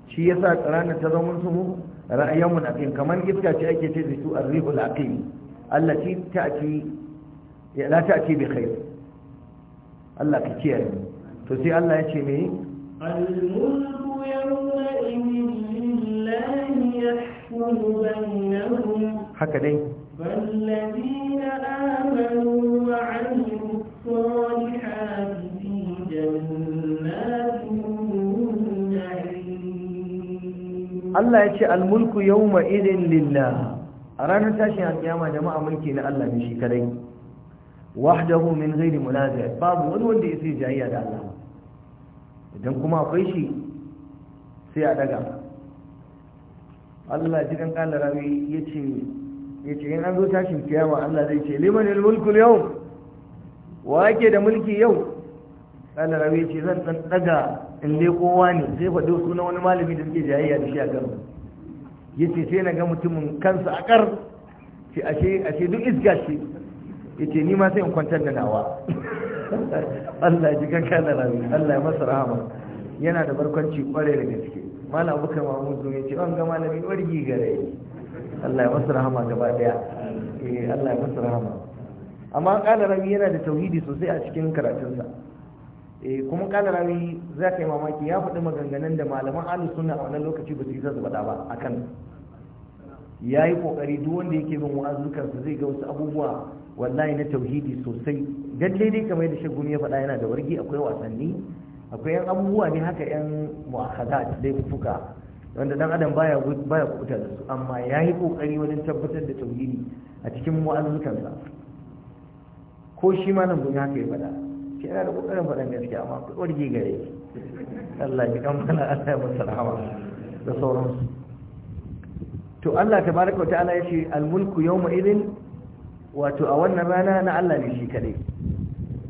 shi ya sa ranar ta zama su ra'ayanmu na kan kamar iska ce ake ce da su arrihul aqim allah ci ya la ta'ti bi khair Allah ka kiyaye to sai Allah ya ce me al-mulku yawma lillahi yahkumu bainahum haka dai Allah ya ce almulku yawma idin lillah a ranar tashin alkiyama jama'a mulki na Allah ne shi kadai wahdahu min ghairi munaza babu wani wanda ya sai jayayya da Allah idan kuma akwai shi sai a daga Allah jikan kala rawi yace yace in an zo tashin kiyama Allah zai ce liman almulku yau wa ke da mulki yau kala rawi ce zan daga in dai kowa ne sai faɗo na wani malami da suke jayayya da shi a kan ya ce sai na ga mutumin kansa a kar ce ashe duk iska ce ya ce ni ma sai in kwantar da nawa Allah ya ji kanka da rami Allah ya masa rahama yana da barkwanci kware da gaske malam abubakar mahmud zo ya ce an ga malami wargi gare Allah ya masa rahama gaba daya eh Allah ya masa rahama amma kala rami yana da tauhidi sosai a cikin karatunsa eh kuma kalarawi za ka yi mamaki ya faɗi maganganun da malaman alu suna a wannan lokaci ba su yi sa zuba ba akan kan ya yi ƙoƙari duk wanda yake bin wa'azukansa zai ga wasu abubuwa wallahi na tauhidi sosai dan dai kamar yadda shagumi ya faɗa yana da wargi akwai wasanni akwai yan abubuwa ne haka yan mu'akhadat dai fuka wanda dan adam baya baya kubuta da su amma yayi kokari wajen tabbatar da tauhidi a cikin sa ko shi malam bin haka ya faɗa yana da kokarin faɗin gaskiya amma warge gare Allah ya kan mana Allah ya masa rahama da sauransu to Allah tabaraka wa ta'ala ya yace al-mulku ma irin? wato a wannan rana na Allah ne shi kadai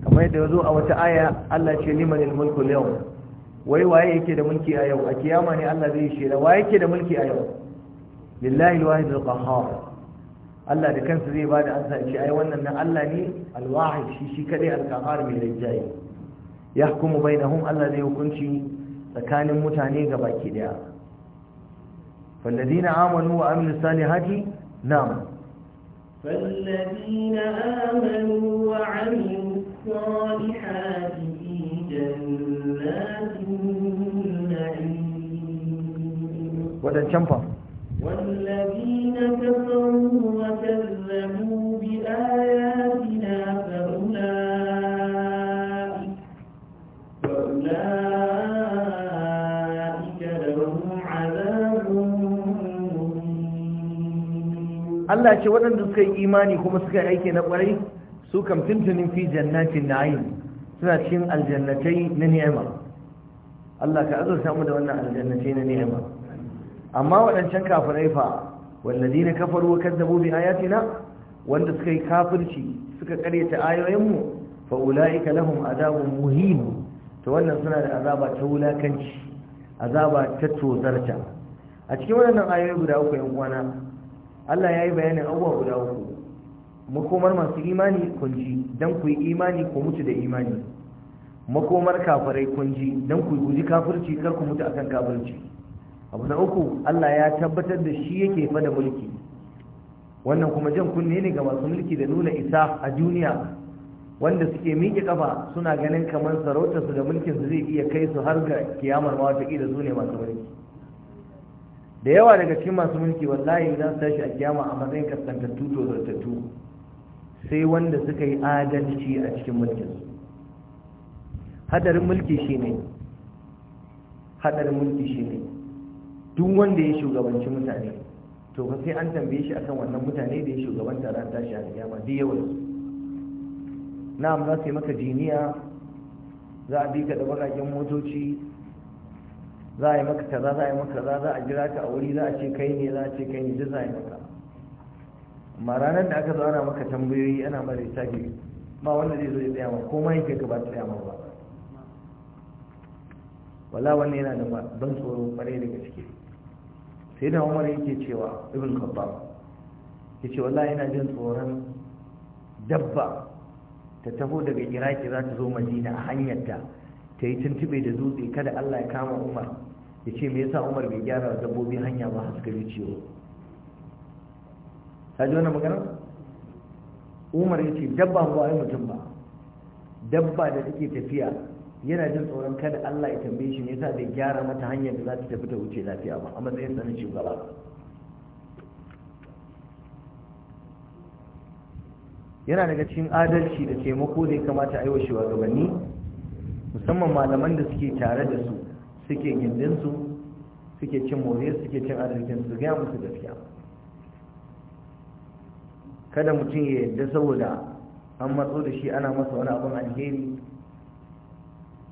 kamar yadda yazo a wata aya Allah ce liman al-mulku al wai waye yake da mulki a yau a kiyama ne Allah zai shi da waye yake da mulki a yau lillahi al-wahid al Allah da kansa zai ba da ansa ce ai wannan na Allah ne alwahid shi shi kadai alqahar mai rinjaye yahkumu bainahum Allah zai hukunci tsakanin mutane ga baki daya فالذين آمنوا وعملوا الصالحات نعم فالذين آمنوا وعملوا الصالحات جنات النعيم ودن شمفا والذين كفروا وكذبوا بآياتنا فأولئك فأولئك لهم عذاب Allah ce waɗanda suka yi imani kuma suka yi aiki na ƙwarai su kam suna cikin aljannatai na ni'ima Allah ka azurta mu da wannan aljannatai na ni'ima amma waɗancan kafirai fa wallazina kafaru wa kadzabu bi ayatina wanda suka yi kafirci suka karyata ayoyinmu fa ulaika lahum adabun muhim to wannan suna da azaba ta wulakanci azaba ta tozarta a cikin wannan ayoyi guda uku yan uwana Allah ya yi bayanin abubuwa guda uku makomar masu imani kunji don ku yi imani ko mutu da imani makomar kafirai kunji dan ku guji kafirci kar ku mutu akan kafirci abu na uku Allah ya tabbatar da shi yake fada mulki wannan kuma jan kunne ne ga masu mulki da nuna isa a duniya wanda suke miƙe kafa suna ganin kamar sarautarsu da mulkin su zai iya kai su har ga kiyamar ma wata su ne masu mulki da yawa daga cikin masu mulki wallahi za su tashi a kiyama a matsayin kaskantattu to zartattu sai wanda suka yi adalci a cikin su hadarin mulki shine hadarin mulki shine duk wanda ya shugabanci mutane to fa sai an tambaye shi akan wannan mutane da ya shugabanta ran tashi a kiyama duk yawan su na'am za su yi maka jiniya za a bi ka da bakakin motoci za a yi maka kaza za a yi maka kaza za a jira ka a wuri za a ce kai ne za a ce kai ne duk za a yi maka amma ranar da aka zo ana maka tambayoyi ana mara lissafi ba wanda zai zo ya tsaya ma ko ma yake ka ba tsaya ma ba wala wannan yana da ban tsoro kwarai daga ciki sai da umar yake cewa ibn khattab ce wallahi ina jin tsoron dabba ta taho daga iraki za ta zo madina a hanyar ta ta yi tuntube da dutse kada allah ya kama umar ya ce me yasa umar bai gyara dabbobi hanya ba haska ciwo ta ji wani magana umar ya ce dabba ba wai mutum ba dabba da take tafiya yana jin tsoron kada Allah ya tambaye shi yasa bai gyara mata hanyar da za ta tafi ta wuce lafiya ba a matsayin sanin shugaba yana daga cikin adalci da taimako da ya kamata a yi wa shugabanni musamman malaman da suke tare da su suke gindinsu suke cin more suke cin arzikin su gaya musu gaskiya kada mutum ya yarda saboda an matso da shi ana masa wani abin alheri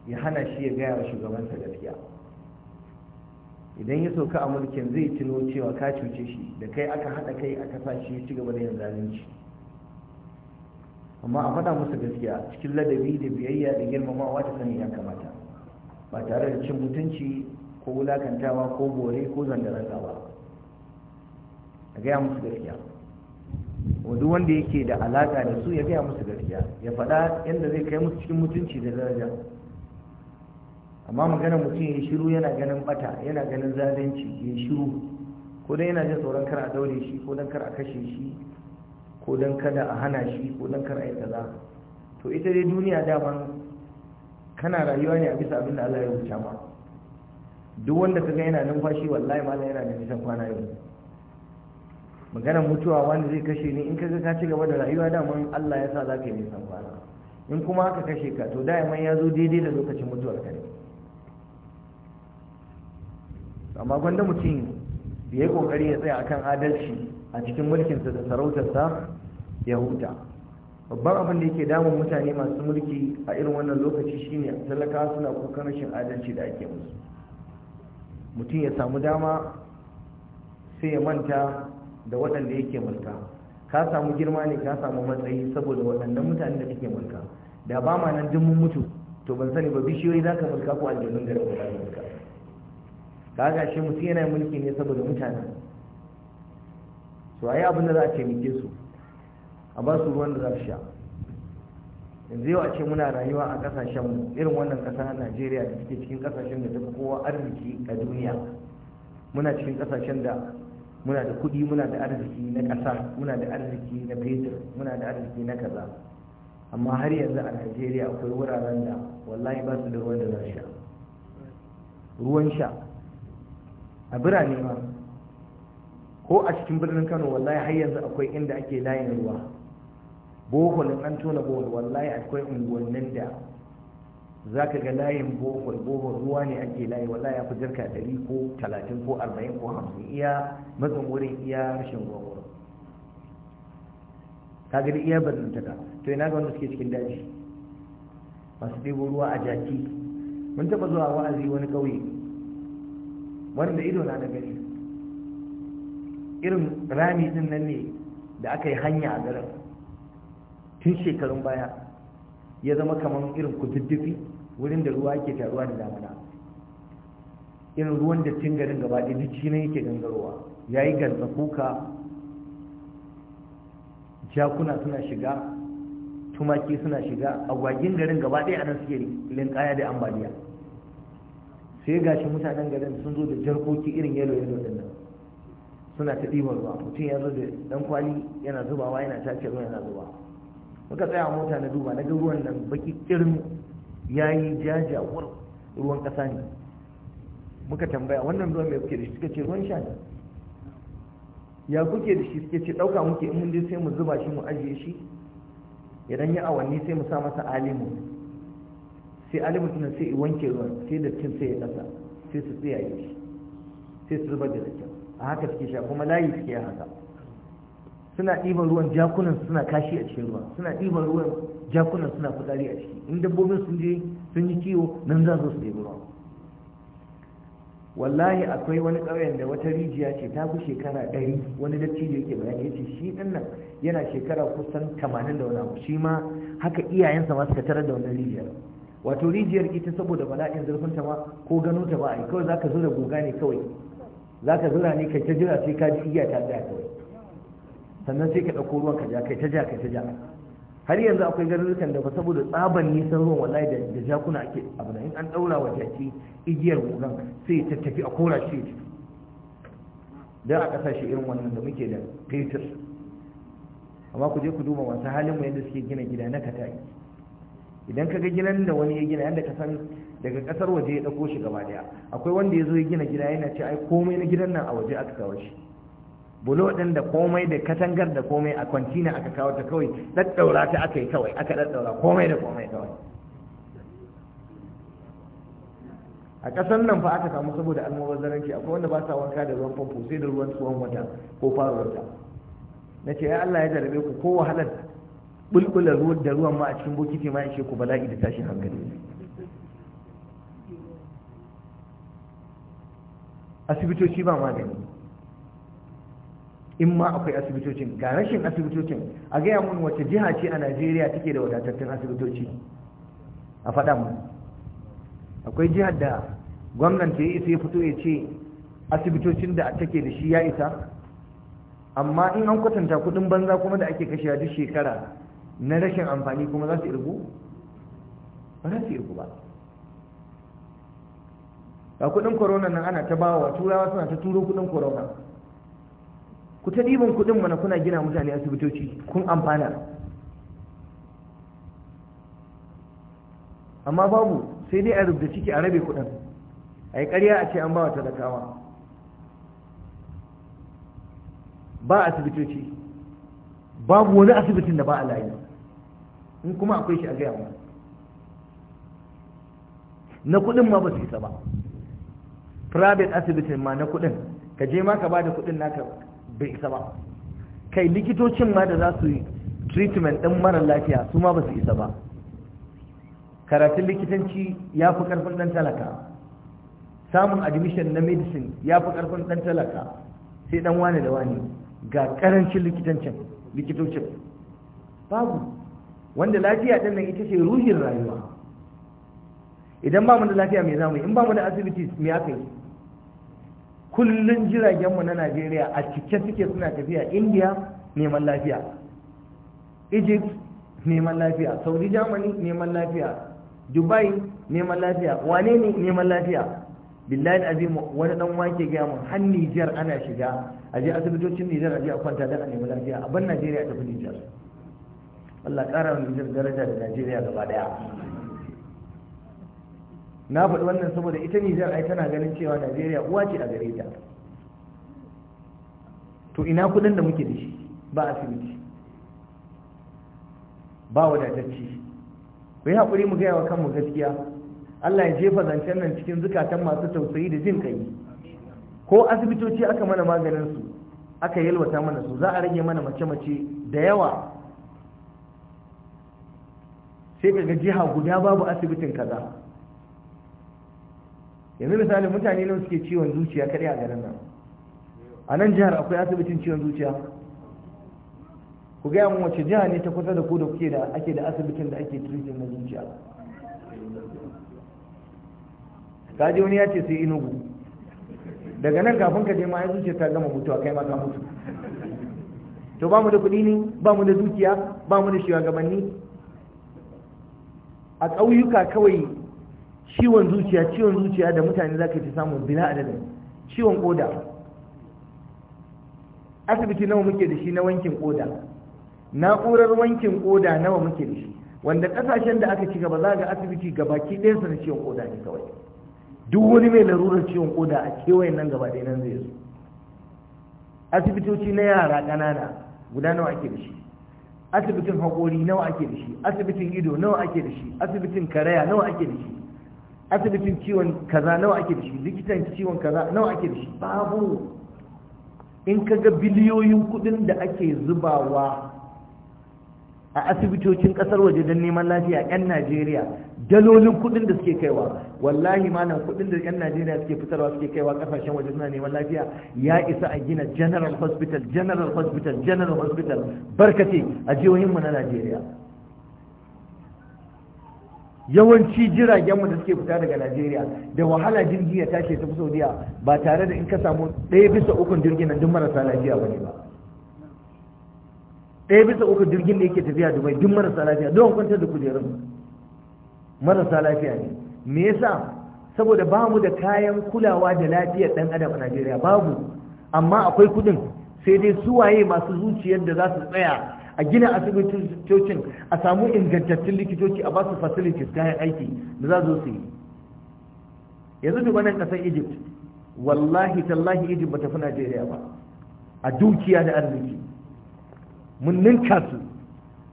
ya hana shi ya gaya wa shugabansa gaskiya idan ya sauka a mulkin zai tuno cewa ka cuce shi da kai aka haɗa kai aka sa shi ci gaba da yin zalunci amma a faɗa musu gaskiya cikin ladabi da biyayya da girmamawa ta sani ya kamata ba tare da cin mutunci ko wulakantawa ko bore ko zandaranta ba a gaya musu gaskiya wadu wanda yake da alaƙa da su ya gaya musu gaskiya ya faɗa yadda zai kai musu cikin mutunci da daraja amma magana mutum ya shiru yana ganin bata yana ganin zalunci ya shiru ko dan yana jin tsoron kar a daure shi ko dan kar a kashe shi ko dan kada a hana shi ko dan kar a yi kaza to ita dai duniya daman kana rayuwa ne a bisa abin da Allah ya rubuta ma duk wanda ka ga yana numfashi wallahi malam yana da nisan kwana yau magana mutuwa wanda zai kashe ni in kaga ka ci gaba da rayuwa daman Allah ya sa za ka yi nisan kwana in kuma aka kashe ka to da'iman ya zo daidai da lokacin mutuwar ka ne amma gwanda mutum ya yi kokari ya tsaya akan adalci a cikin mulkinsa da sarautarsa ya huta babban abin da yake damun mutane masu mulki a irin wannan lokaci shine talaka suna kukan rashin adalci da ake musu mutum ya samu dama sai ya manta da waɗanda yake mulka ka samu girma ne ka samu matsayi saboda waɗannan mutane da kake mulka da ba ma nan mutu to ban sani ba bishiyoyi za ka mulka ko aljanun garin da za kaga shi mutum yana mulki ne saboda mutane su abinda abin da za a taimake su a ba su ruwan da za su sha yanzu yau a ce muna rayuwa a kasashen irin wannan kasa najeriya da suke cikin kasashen da tafi kowa arziki a duniya muna cikin kasashen da muna da kudi muna da arziki na kasa muna da arziki na fetur muna da arziki na kaza amma har yanzu a najeriya akwai wuraren da wallahi ba su da ruwan da za sha ruwan sha a birane ma ko a cikin birnin kano wallahi har yanzu akwai inda ake layin ruwa boholin an tona bohol wallahi akwai unguwannin da za ka ga layin bohol bohol ruwa ne ake layi wallahi ya fi jirka ɗari ko talatin ko arba'in ko hamsin iya mazan wurin iya rashin ruwa wurin ka gani iya ka. to ina ga wanda suke cikin daji masu ɗebo ruwa a jaki mun taɓa zuwa wa'azi wani ƙauye wanda ido na gani irin rami din nan ne da aka yi hanya a garin tun shekarun baya ya zama kamar irin kududdufi wurin da ruwa ke taruwa da damuna irin ruwan da cin garin gaba ɗaya duk shi yake gangarowa ya yi gantsa kuka jakuna suna shiga tumaki suna shiga agwagin garin gaba ɗaya a nan suke linkaya da ambaliya sai shi mutanen garin sun zo da jarkoki irin yalo yalo din nan suna ta ɗiban ruwa mutum ya zo da ɗan kwali yana zubawa yana tace ruwa yana zuba muka tsaya mota na duba na ga ruwan nan baki irin yayi jajawar ruwan ƙasa ne muka tambaya wannan ruwan mai kuke da shi suka ce ruwan sha ne ya kuke da shi suke ce ɗauka muke in mun je sai mu zuba shi mu ajiye shi idan ya awanni sai mu sa masa alimu sai alimin suna sai wanke ruwan sai cin sai ya ƙasa sai su tsiyaye shi sai su zubar da dattin a haka suke sha kuma layi suke haka suna ɗiban ruwan jakunan suna kashi a cikin ruwa suna ɗiban ruwan jakunan suna fitsari a ciki in dabbobin sun je sun yi kiwo nan za su ɗebi ruwa wallahi akwai wani ƙauyen da wata rijiya ce ta fi shekara ɗari wani dattijo yake bayani yace shi ɗin nan yana shekara kusan tamanin da wani abu shi ma haka iyayensa ma suka tarar da wannan rijiyar wato rijiyar ita saboda bala'in zurfin ta ma ko gano ta ba a yi kawai zaka zura goga ne kawai zaka zura ne kai ta jira sai ka ji iya ta tsaya kawai sannan sai ka ɗauko ruwan ka ja kai ta ja kai ta ja har yanzu akwai garurukan da ba saboda tsaban nisan ruwan wallahi da da jakuna ake abu in an ɗaura wa jaki igiyar gogan sai ta tafi a kora shi dan a kasashe irin wannan da muke da fetur amma ku je ku duba masu halin mu yadda suke gina gida na kataki idan ka ga gidan da wani ya gina yadda ka san daga kasar waje ya ɗauko shi gaba daya akwai wanda ya zo ya gina gida yana ce ai komai na gidan nan a waje aka kawo shi bulo ɗin da komai da katangar da komai a kwantina aka kawo ta kawai ɗaɗɗaura ta aka yi kawai aka ɗaɗɗaura komai da komai kawai a ƙasar nan fa aka samu saboda almubazzaranci akwai wanda ba sa wanka da ruwan famfo sai da ruwan tsohon wata ko faruwar ta na ce ya Allah ya jarabe ku ko wahalar bulkula ruwan da ruwan ma a cikin bokiti ma ishe ku bala'i da tashin hankali asibitoci ba magani in ma akwai asibitocin ga rashin asibitocin a gaya mun wace jiha ce a najeriya take da wadatattun asibitoci a faɗa mu akwai jihar da gwamnati ya isa ya fito ya ce asibitocin da take da shi ya isa amma in an kwatanta kudin banza kuma da ake kashewa duk shekara na rashin amfani kuma za su irgu ba za su irgu ba A kudin corona nan ana ta bawa turawa suna ta turo kudin corona ku ta ɗiban kudin mana kuna gina mutane asibitoci kun amfana amma babu sai dai a rubuta ciki a rabe kudin a yi ƙarya a ce an bawa talakawa ba asibitoci babu wani asibitin da ba a layi in kuma akwai shi a gaya mu na kuɗin ma ba su isa ba private asibitin ma na kuɗin ka je ma ka ba da kuɗin naka bai isa ba kai likitocin ma da za su yi treatment din mara lafiya su ma ba su isa ba karatun likitanci ya fi ƙarfin ɗan talaka samun admission na medicine ya fi ƙarfin ɗan talaka sai dan wane da wani ga karancin likitancin likitocin babu wanda lafiya ɗin nan ita ce ruhin rayuwa idan ba mu da lafiya mai zamu in ba mu da asibiti me aka yi kullun jiragenmu na najeriya a cike suke suna tafiya india neman lafiya egypt neman lafiya saudi germany neman lafiya dubai neman lafiya wane ne neman lafiya billahi azim wani dan wake ga mun har Niger ana shiga aje asibitocin Niger aje a kwanta da a nemi lafiya abin Najeriya tafi Niger Allah ƙara wa daraja da Najeriya gaba daya na faɗi wannan saboda ita Nijar ai tana ganin cewa Najeriya uwa ce a gare ta to ina kuɗin da muke da shi ba asibiti ba wadatacci ku yi haƙuri mu gaya wa kanmu gaskiya Allah ya jefa zancen nan cikin zukatan masu tausayi da jin kai ko asibitoci aka mana maganin su aka yalwata mana su za a rage mana mace-mace da yawa sai ka ga jiha guda babu asibitin kaza yanzu misali mutane nan suke ciwon zuciya kadai a garin nan a nan jihar akwai asibitin ciwon zuciya ku gaya mun wace jiha ne ta kusa da ku da kuke da ake da asibitin da ake treating na zuciya kaji wani ya ce sai inugu daga nan kafin ka je ma ya zuciya ta gama mutuwa kai ma ka mutu to ba mu da kuɗi ne ba mu da dukiya ba mu da shugabanni a ƙauyuka kawai ciwon zuciya ciwon zuciya da mutane za ka ci samun bina adadin ciwon ƙoda asibiti nawa muke da shi na wankin ƙoda na'urar wankin ƙoda nawa muke da shi wanda ƙasashen da aka ci gaba za ga asibiti gabaki ɗayansa na ciwon ƙoda ne kawai duk wani mai larurar ciwon ƙoda a kewayen nan gaba ɗaya nan zai zo asibitoci na yara ƙanana guda nawa ake da shi asibitin haƙori nawa ake da shi asibitin ido nawa ake da shi asibitin karaya nawa ake da shi asibitin ciwon kaza nawa ake da shi likitan ciwon kaza nawa ake da shi babu in ka ga biliyoyin kudin da ake zubawa a asibitocin kasar waje don neman lafiya 'yan najeriya dalolin kudin da suke kaiwa wallahi malam kudin da yan Najeriya suke fitarwa suke kaiwa kasashen waje suna neman lafiya ya isa a gina general hospital general hospital general hospital barkate a jihohinmu na Najeriya yawanci jiragenmu da suke fita daga Najeriya da wahala jirgi ya tashi tafi Saudiya ba tare da in ka samu ɗaya bisa ukun jirgin nan duk marasa lafiya bane ba ɗaya bisa ukun jirgin da yake tafiya Dubai duk marasa lafiya don kwantar da kujerun marasa lafiya ne me yasa saboda ba mu da kayan kulawa da lafiyar ɗan adam a najeriya babu amma akwai kudin sai dai su waye masu zuciyar da za su tsaya a gina asibitocin a samu ingantattun likitoci a basu facilities kayan aiki da za su yi yanzu duba nan ƙasar egypt wallahi tallahi egypt ba fi najeriya ba a dukiya da arziki mun ninka su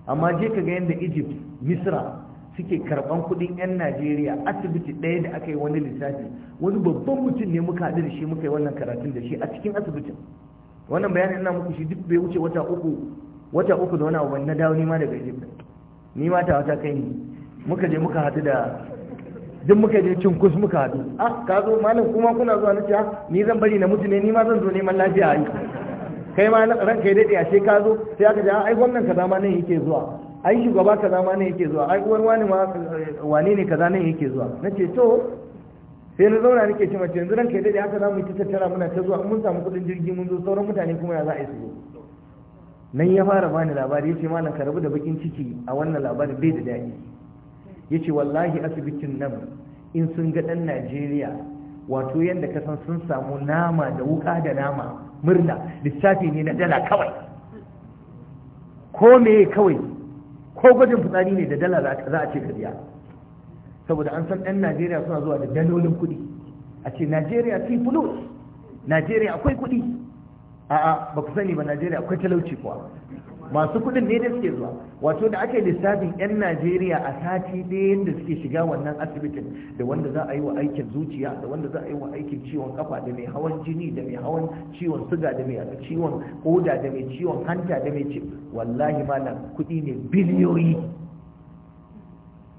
amma je ka ga yadda egypt misra suke karban kudin 'yan najeriya asibiti ɗaya da aka yi wani lissafi wani babban mutum ne muka haɗu da shi muka yi wannan karatun da shi a cikin asibitin wannan bayanin ina muku shi duk bai wuce wata uku wata uku da wani abu na dawo nima daga egypt ni ma ta wata kai ne. muka je muka haɗu da duk muka je kus muka haɗu ah ka zo malam kuma kuna zuwa na ce ah, ni zan bari na mutu ne ni ma zan zo neman lafiya a yi kai ma ranka ya daɗe a ka zo sai aka ce ah, ai gwamnan ka zama nan yake zuwa ai shugaba kaza ma ne yake zuwa ai uwar wani ma ne kaza ne yake zuwa nace to sai na zauna nake ce mace yanzu ranka dai haka zamu ta tattara muna ta zuwa mun samu kudin jirgi mun zo sauran mutane kuma ya za a yi su nan ya fara bani labari yace malam ka rabu da bakin ciki a wannan labarin bai da daɗi yace wallahi asibitin nan in sun ga dan Najeriya wato yanda ka san sun samu nama da wuka da nama murna lissafi ne na dala kawai ko me kawai ko gwajin fitsari ne da dala za a ce karya saboda an san 'yan najeriya suna zuwa da dalolin kuɗi a ce najeriya fi bulus najeriya akwai kuɗi a'a ba ku sani ba najeriya akwai talauci kuwa masu kuɗin ne da suke zuwa wato da aka yi lissafin 'yan najeriya a sati ɗayan da suke shiga wannan asibitin da wanda za a yi wa aikin zuciya da wanda za a yi wa aikin ciwon kafa da mai hawan jini da mai hawan ciwon suga da mai ciwon koda da mai ciwon hanta da mai ci wallahi malam kuɗi ne biliyoyi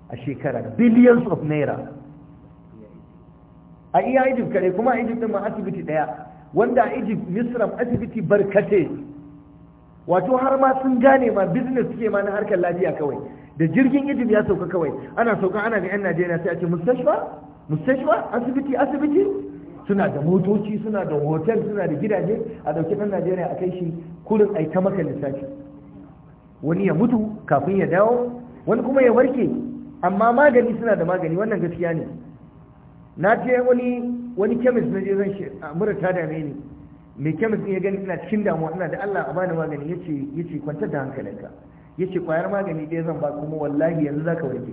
a shekara billions of naira a iya egypt kare kuma a egypt ma asibiti ɗaya wanda a egypt misram asibiti barkate wato har ma sun gane ma business suke ma na harkar lafiya kawai da jirgin ijin ya sauka kawai ana sauka ana ga yan Najeriya sai a ce mustashfa mustashfa asibiti asibiti suna da motoci suna da hotel suna da gidaje a dauki dan Najeriya a kai shi kurin ai ta maka lissafi wani ya mutu kafin ya dawo wani kuma ya warke amma magani suna da magani wannan gaskiya ne na ce wani wani chemist na je zan shi a mura ta dame ni mai kemis ya gani ina cikin damuwa ina da Allah a bani magani yace yace kwantar da hankalinka yace kwayar magani ɗaya zan ba kuma wallahi yanzu zaka warke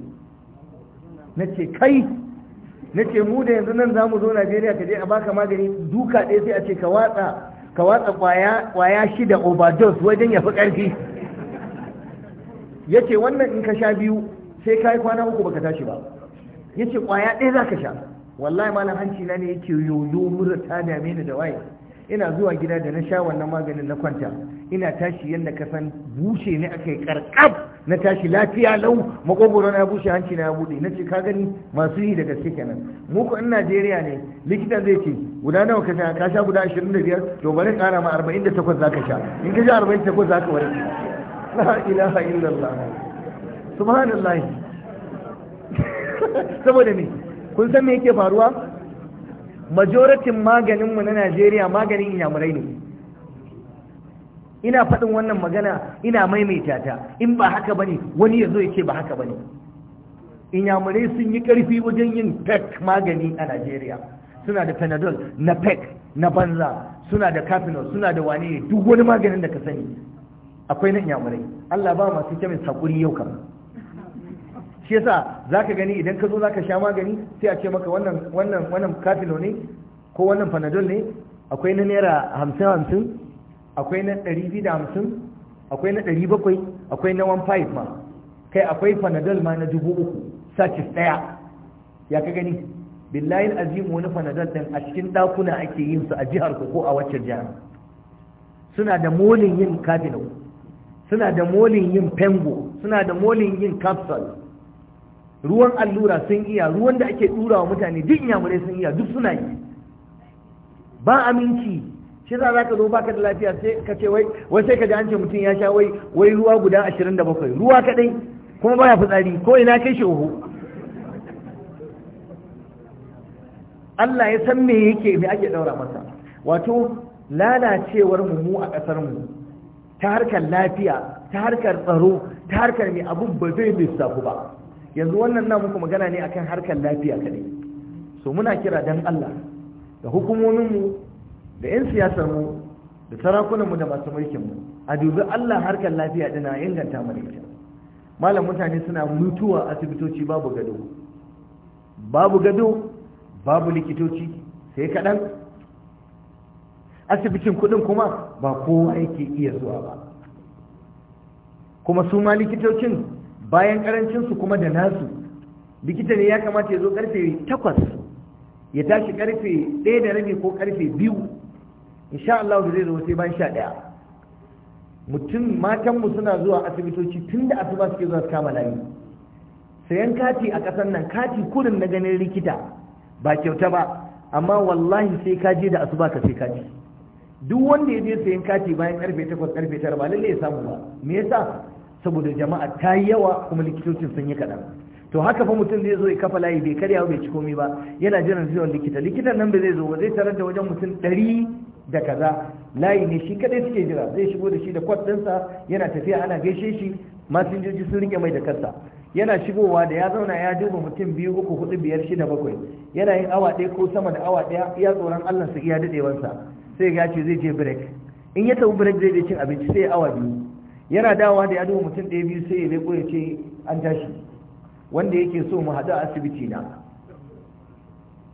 nace kai nace mu da yanzu nan zamu zo Najeriya ka je a baka magani duka ɗaya sai a ce ka watsa ka watsa kwaya kwaya shida overdose wajen ya fi ƙarfi yace wannan in ka sha biyu sai ka yi kwana uku baka tashi ba yace kwaya ɗaya zaka sha wallahi malam hanci na ne yake yoyo mura ta dame ni da waye ina zuwa gida da na sha wannan maganin na kwanta ina tashi yadda kasan bushe ne aka yi karkab na tashi lafiya lau makogoro na bushe hanci na bude na ce ka gani masu yi da gaske kenan mu ko in Najeriya ne likitan zai ce guda nawa ka sha ka sha guda 25 to bari kara ma 48 zaka sha in ka sha 48 zaka warke la ilaha illallah subhanallah (laughs) saboda me kun san me yake faruwa majoratin maganinmu na najeriya maganin inyamurai ne ina faɗin wannan magana ina maimaita ta in ba haka bane wani ya zo ya ce ba haka bane inyamurai sun yi ƙarfi wajen yin pek magani a najeriya suna da panadol na pek na banza suna da kafinol suna da wani duk wani maganin da ka sani akwai na inyamurai allah ba masu kyamin hakuri yau kam shi yasa ka gani idan ka zo za ka sha magani sai a ce maka wannan kafilo ne ko wannan panadol ne akwai na naira hamsin hamsin akwai na ɗari biyu da hamsin akwai na ɗari bakwai akwai na wan five ma kai akwai panadol ma na dubu uku sachis ɗaya ya ka gani billahi azimu wani panadol ɗin a cikin ɗakuna ake yin su a jihar ko a waccan jihar suna da molin yin kafilo suna da molin yin pengo suna da molin yin capsule ruwan allura sun iya ruwan da ake ɗura wa mutane duk yamurai sun iya duk suna yi ba aminci shi za ka zo baka da lafiya sai ka ce wai wai sai ka ji an ce mutum ya sha wai wai ruwa guda ashirin da bakwai ruwa kaɗai kuma baya fitsari ko ina kai shi oho Allah ya san me yake me ake ɗaura masa wato lalacewar mu mu a ƙasar mu ta harkar lafiya ta harkar tsaro ta harkar mai abun ba zai lissafu ba yanzu wannan na muku magana ne akan harkar lafiya kadai so muna kira dan Allah da hukumominmu da 'yan siyasarmu da sarakunanmu da masu mulkinmu a dubi Allah harkar lafiya dana inganta mana ita malam mutane suna mutuwa asibitoci babu gado babu gado babu likitoci sai kaɗan asibitin kuɗin kuma ba kowa yake iya zuwa ba kuma su ma likitocin bayan karancin su kuma da nasu likita ne ya kamata ya zo karfe takwas ya tashi karfe ɗaya da rabi ko karfe biyu insha Allah da zai zo sai ban sha ɗaya mutum matanmu suna zuwa asibitoci tun da asuba suke zuwa su kama layi sayan kati a ƙasar nan kati kurin na ganin likita ba kyauta ba amma wallahi sai ka je da asuba ka sai kati duk wanda ya je sayan kati bayan karfe takwas karfe tara ba lallai ya samu ba me yasa saboda jama'a ta yi yawa kuma likitocin sun yi kaɗan to haka fa mutum zai zo ya kafa layi bai karya bai ci komai ba yana jiran zuwan likita likitan nan ba zai zo ba zai tarar da wajen mutum ɗari da kaza layi ne shi kaɗai suke jira zai shigo da shi da kwat ɗinsa yana tafiya ana gaishe shi masinjoji sun rike mai da kansa yana shigowa da ya zauna ya duba mutum biyu uku hudu biyar shida bakwai yana yin awa ɗaya ko sama da awa ɗaya iya tsoron allah su iya daɗewansa sai ya ce zai je break in ya tafi break zai je cin abinci sai awa biyu yana dawa da ya duba mutum ɗaya biyu sai ya leko ya ce an tashi wanda yake so mu haɗu a asibiti na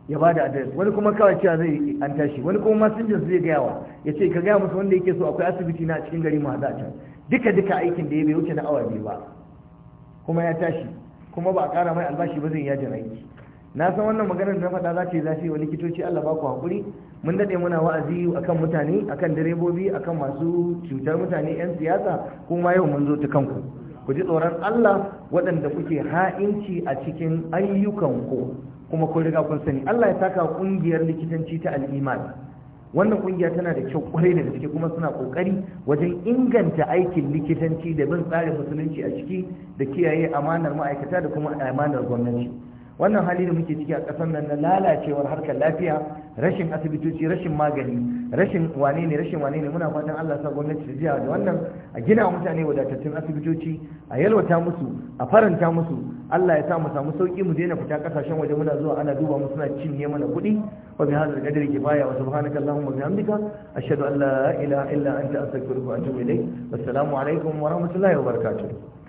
ya ba da adres wani kuma kawai cewa zai an tashi wani kuma masinjin zai gaya wa ya ce ka gaya musu wanda yake so akwai asibiti na a cikin gari mu haɗu a can duka duka aikin da ya bai wuce na awa biyu ba kuma ya tashi kuma ba a ƙara mai albashi ba zai yajin aiki na san wannan maganar da faɗa za ta yi zafi wa likitoci Allah ba ku haƙuri mun daɗe muna wa'azi akan mutane akan direbobi akan masu cutar mutane 'yan siyasa kuma yau mun zo ta kanku ku ji tsoron Allah waɗanda kuke ha'inci a cikin ayyukanku kuma kun riga kun sani Allah ya saka ƙungiyar likitanci ta al'imar wannan ƙungiya tana da kyau kwarai da gaske kuma suna ƙoƙari wajen inganta aikin likitanci da bin tsarin musulunci a ciki da kiyaye amanar ma'aikata da kuma amanar gwamnati wannan hali da muke ciki a ƙasar nan na lalacewar harkar lafiya rashin asibitoci rashin magani rashin wane ne rashin wane ne muna fatan Allah sa gwamnati ta jiya da wannan a gina mutane wadatattun asibitoci a yalwata musu a faranta musu Allah ya sa mu samu sauki mu daina fita kasashen waje muna zuwa ana duba mu suna cinye mana kuɗi wa bi hadal qadri kifaya wa subhanaka allahumma wa bihamdika ashhadu an la ilaha illa anta astaghfiruka wa atubu ilayk wassalamu alaikum wa rahmatullahi wa barakatuh